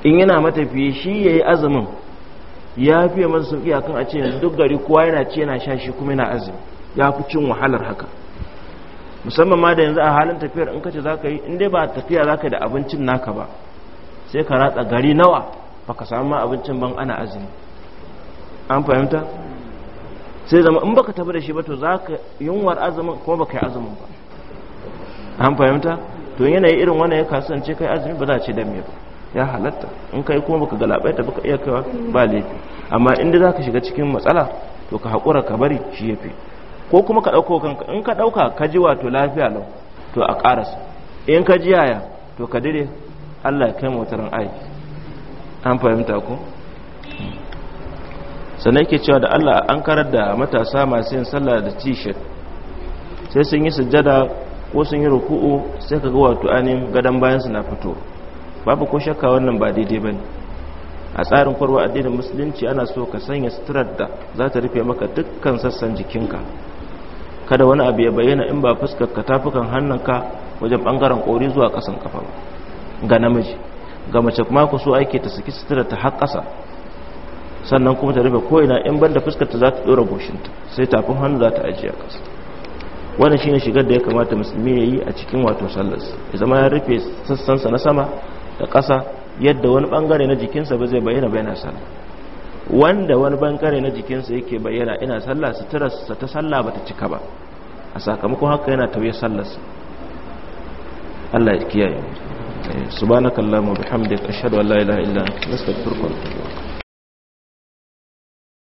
in yana matafiye shi ya yi azumin ya fiye masa sauki akan a ce yanzu duk gari kowa yana ci yana sha shi kuma yana azumi ya fi cin wahalar haka musamman ma da yanzu a halin tafiyar in kace zaka yi in dai ba tafiya zaka da abincin naka ba sai ka ratsa gari nawa baka samu ma abincin ban ana azumi an fahimta sai zama in baka tafi da shi ba to zaka yunwar azumin kuma baka yi azumin ba an fahimta to yanayi irin wannan ya kasance kai azumi ba za a ce dan me ba ya halatta in kai kuma baka galabaita baka iya kaiwa ba laifi amma inda zaka shiga cikin matsala to ka hakura ka bari shi yafi ko kuma ka dauko kanka in ka dauka ka ji wato lafiya lau to a karasa in ka ji yaya to ka dire Allah ya kai mu wutar ai an fahimta ko sannan yake cewa da Allah an karar da matasa masu yin sallah da t-shirt sai sun yi sujjada ko sun yi ruku'u sai ka ga wato ainihin gadon bayan su na fito babu ko shakka wannan ba daidai bane a tsarin farwa addinin musulunci ana so ka sanya sutrar da za ta rufe maka dukkan sassan jikinka kada wani abu ya bayyana in ba fuskar ka tafukan hannunka wajen bangaren kori zuwa kasan kafa ba ga namiji ga mace kuma ku so ake ta saki sutrar ta har kasa sannan kuma ta rufe ko ko'ina in banda fuskar ta za ta dora goshinta sai tafin hannu za ta ajiye kasa wannan shine shigar da ya kamata musulmi ya yi a cikin wato sallas ya zama ya rufe sassansa na sama da ƙasa yadda wani bangare na jikinsa ba zai bayyana bayana sallah wanda wani bangare na jikinsa yake bayyana ina sallah suturarsa ta sallah ba ta cika ba a sakamakon haka yana tauye sallarsa Allah ya kiyaye eh, subhanakallahumma bihamdika ashhadu an la ilaha illa anta astaghfiruka wa atubu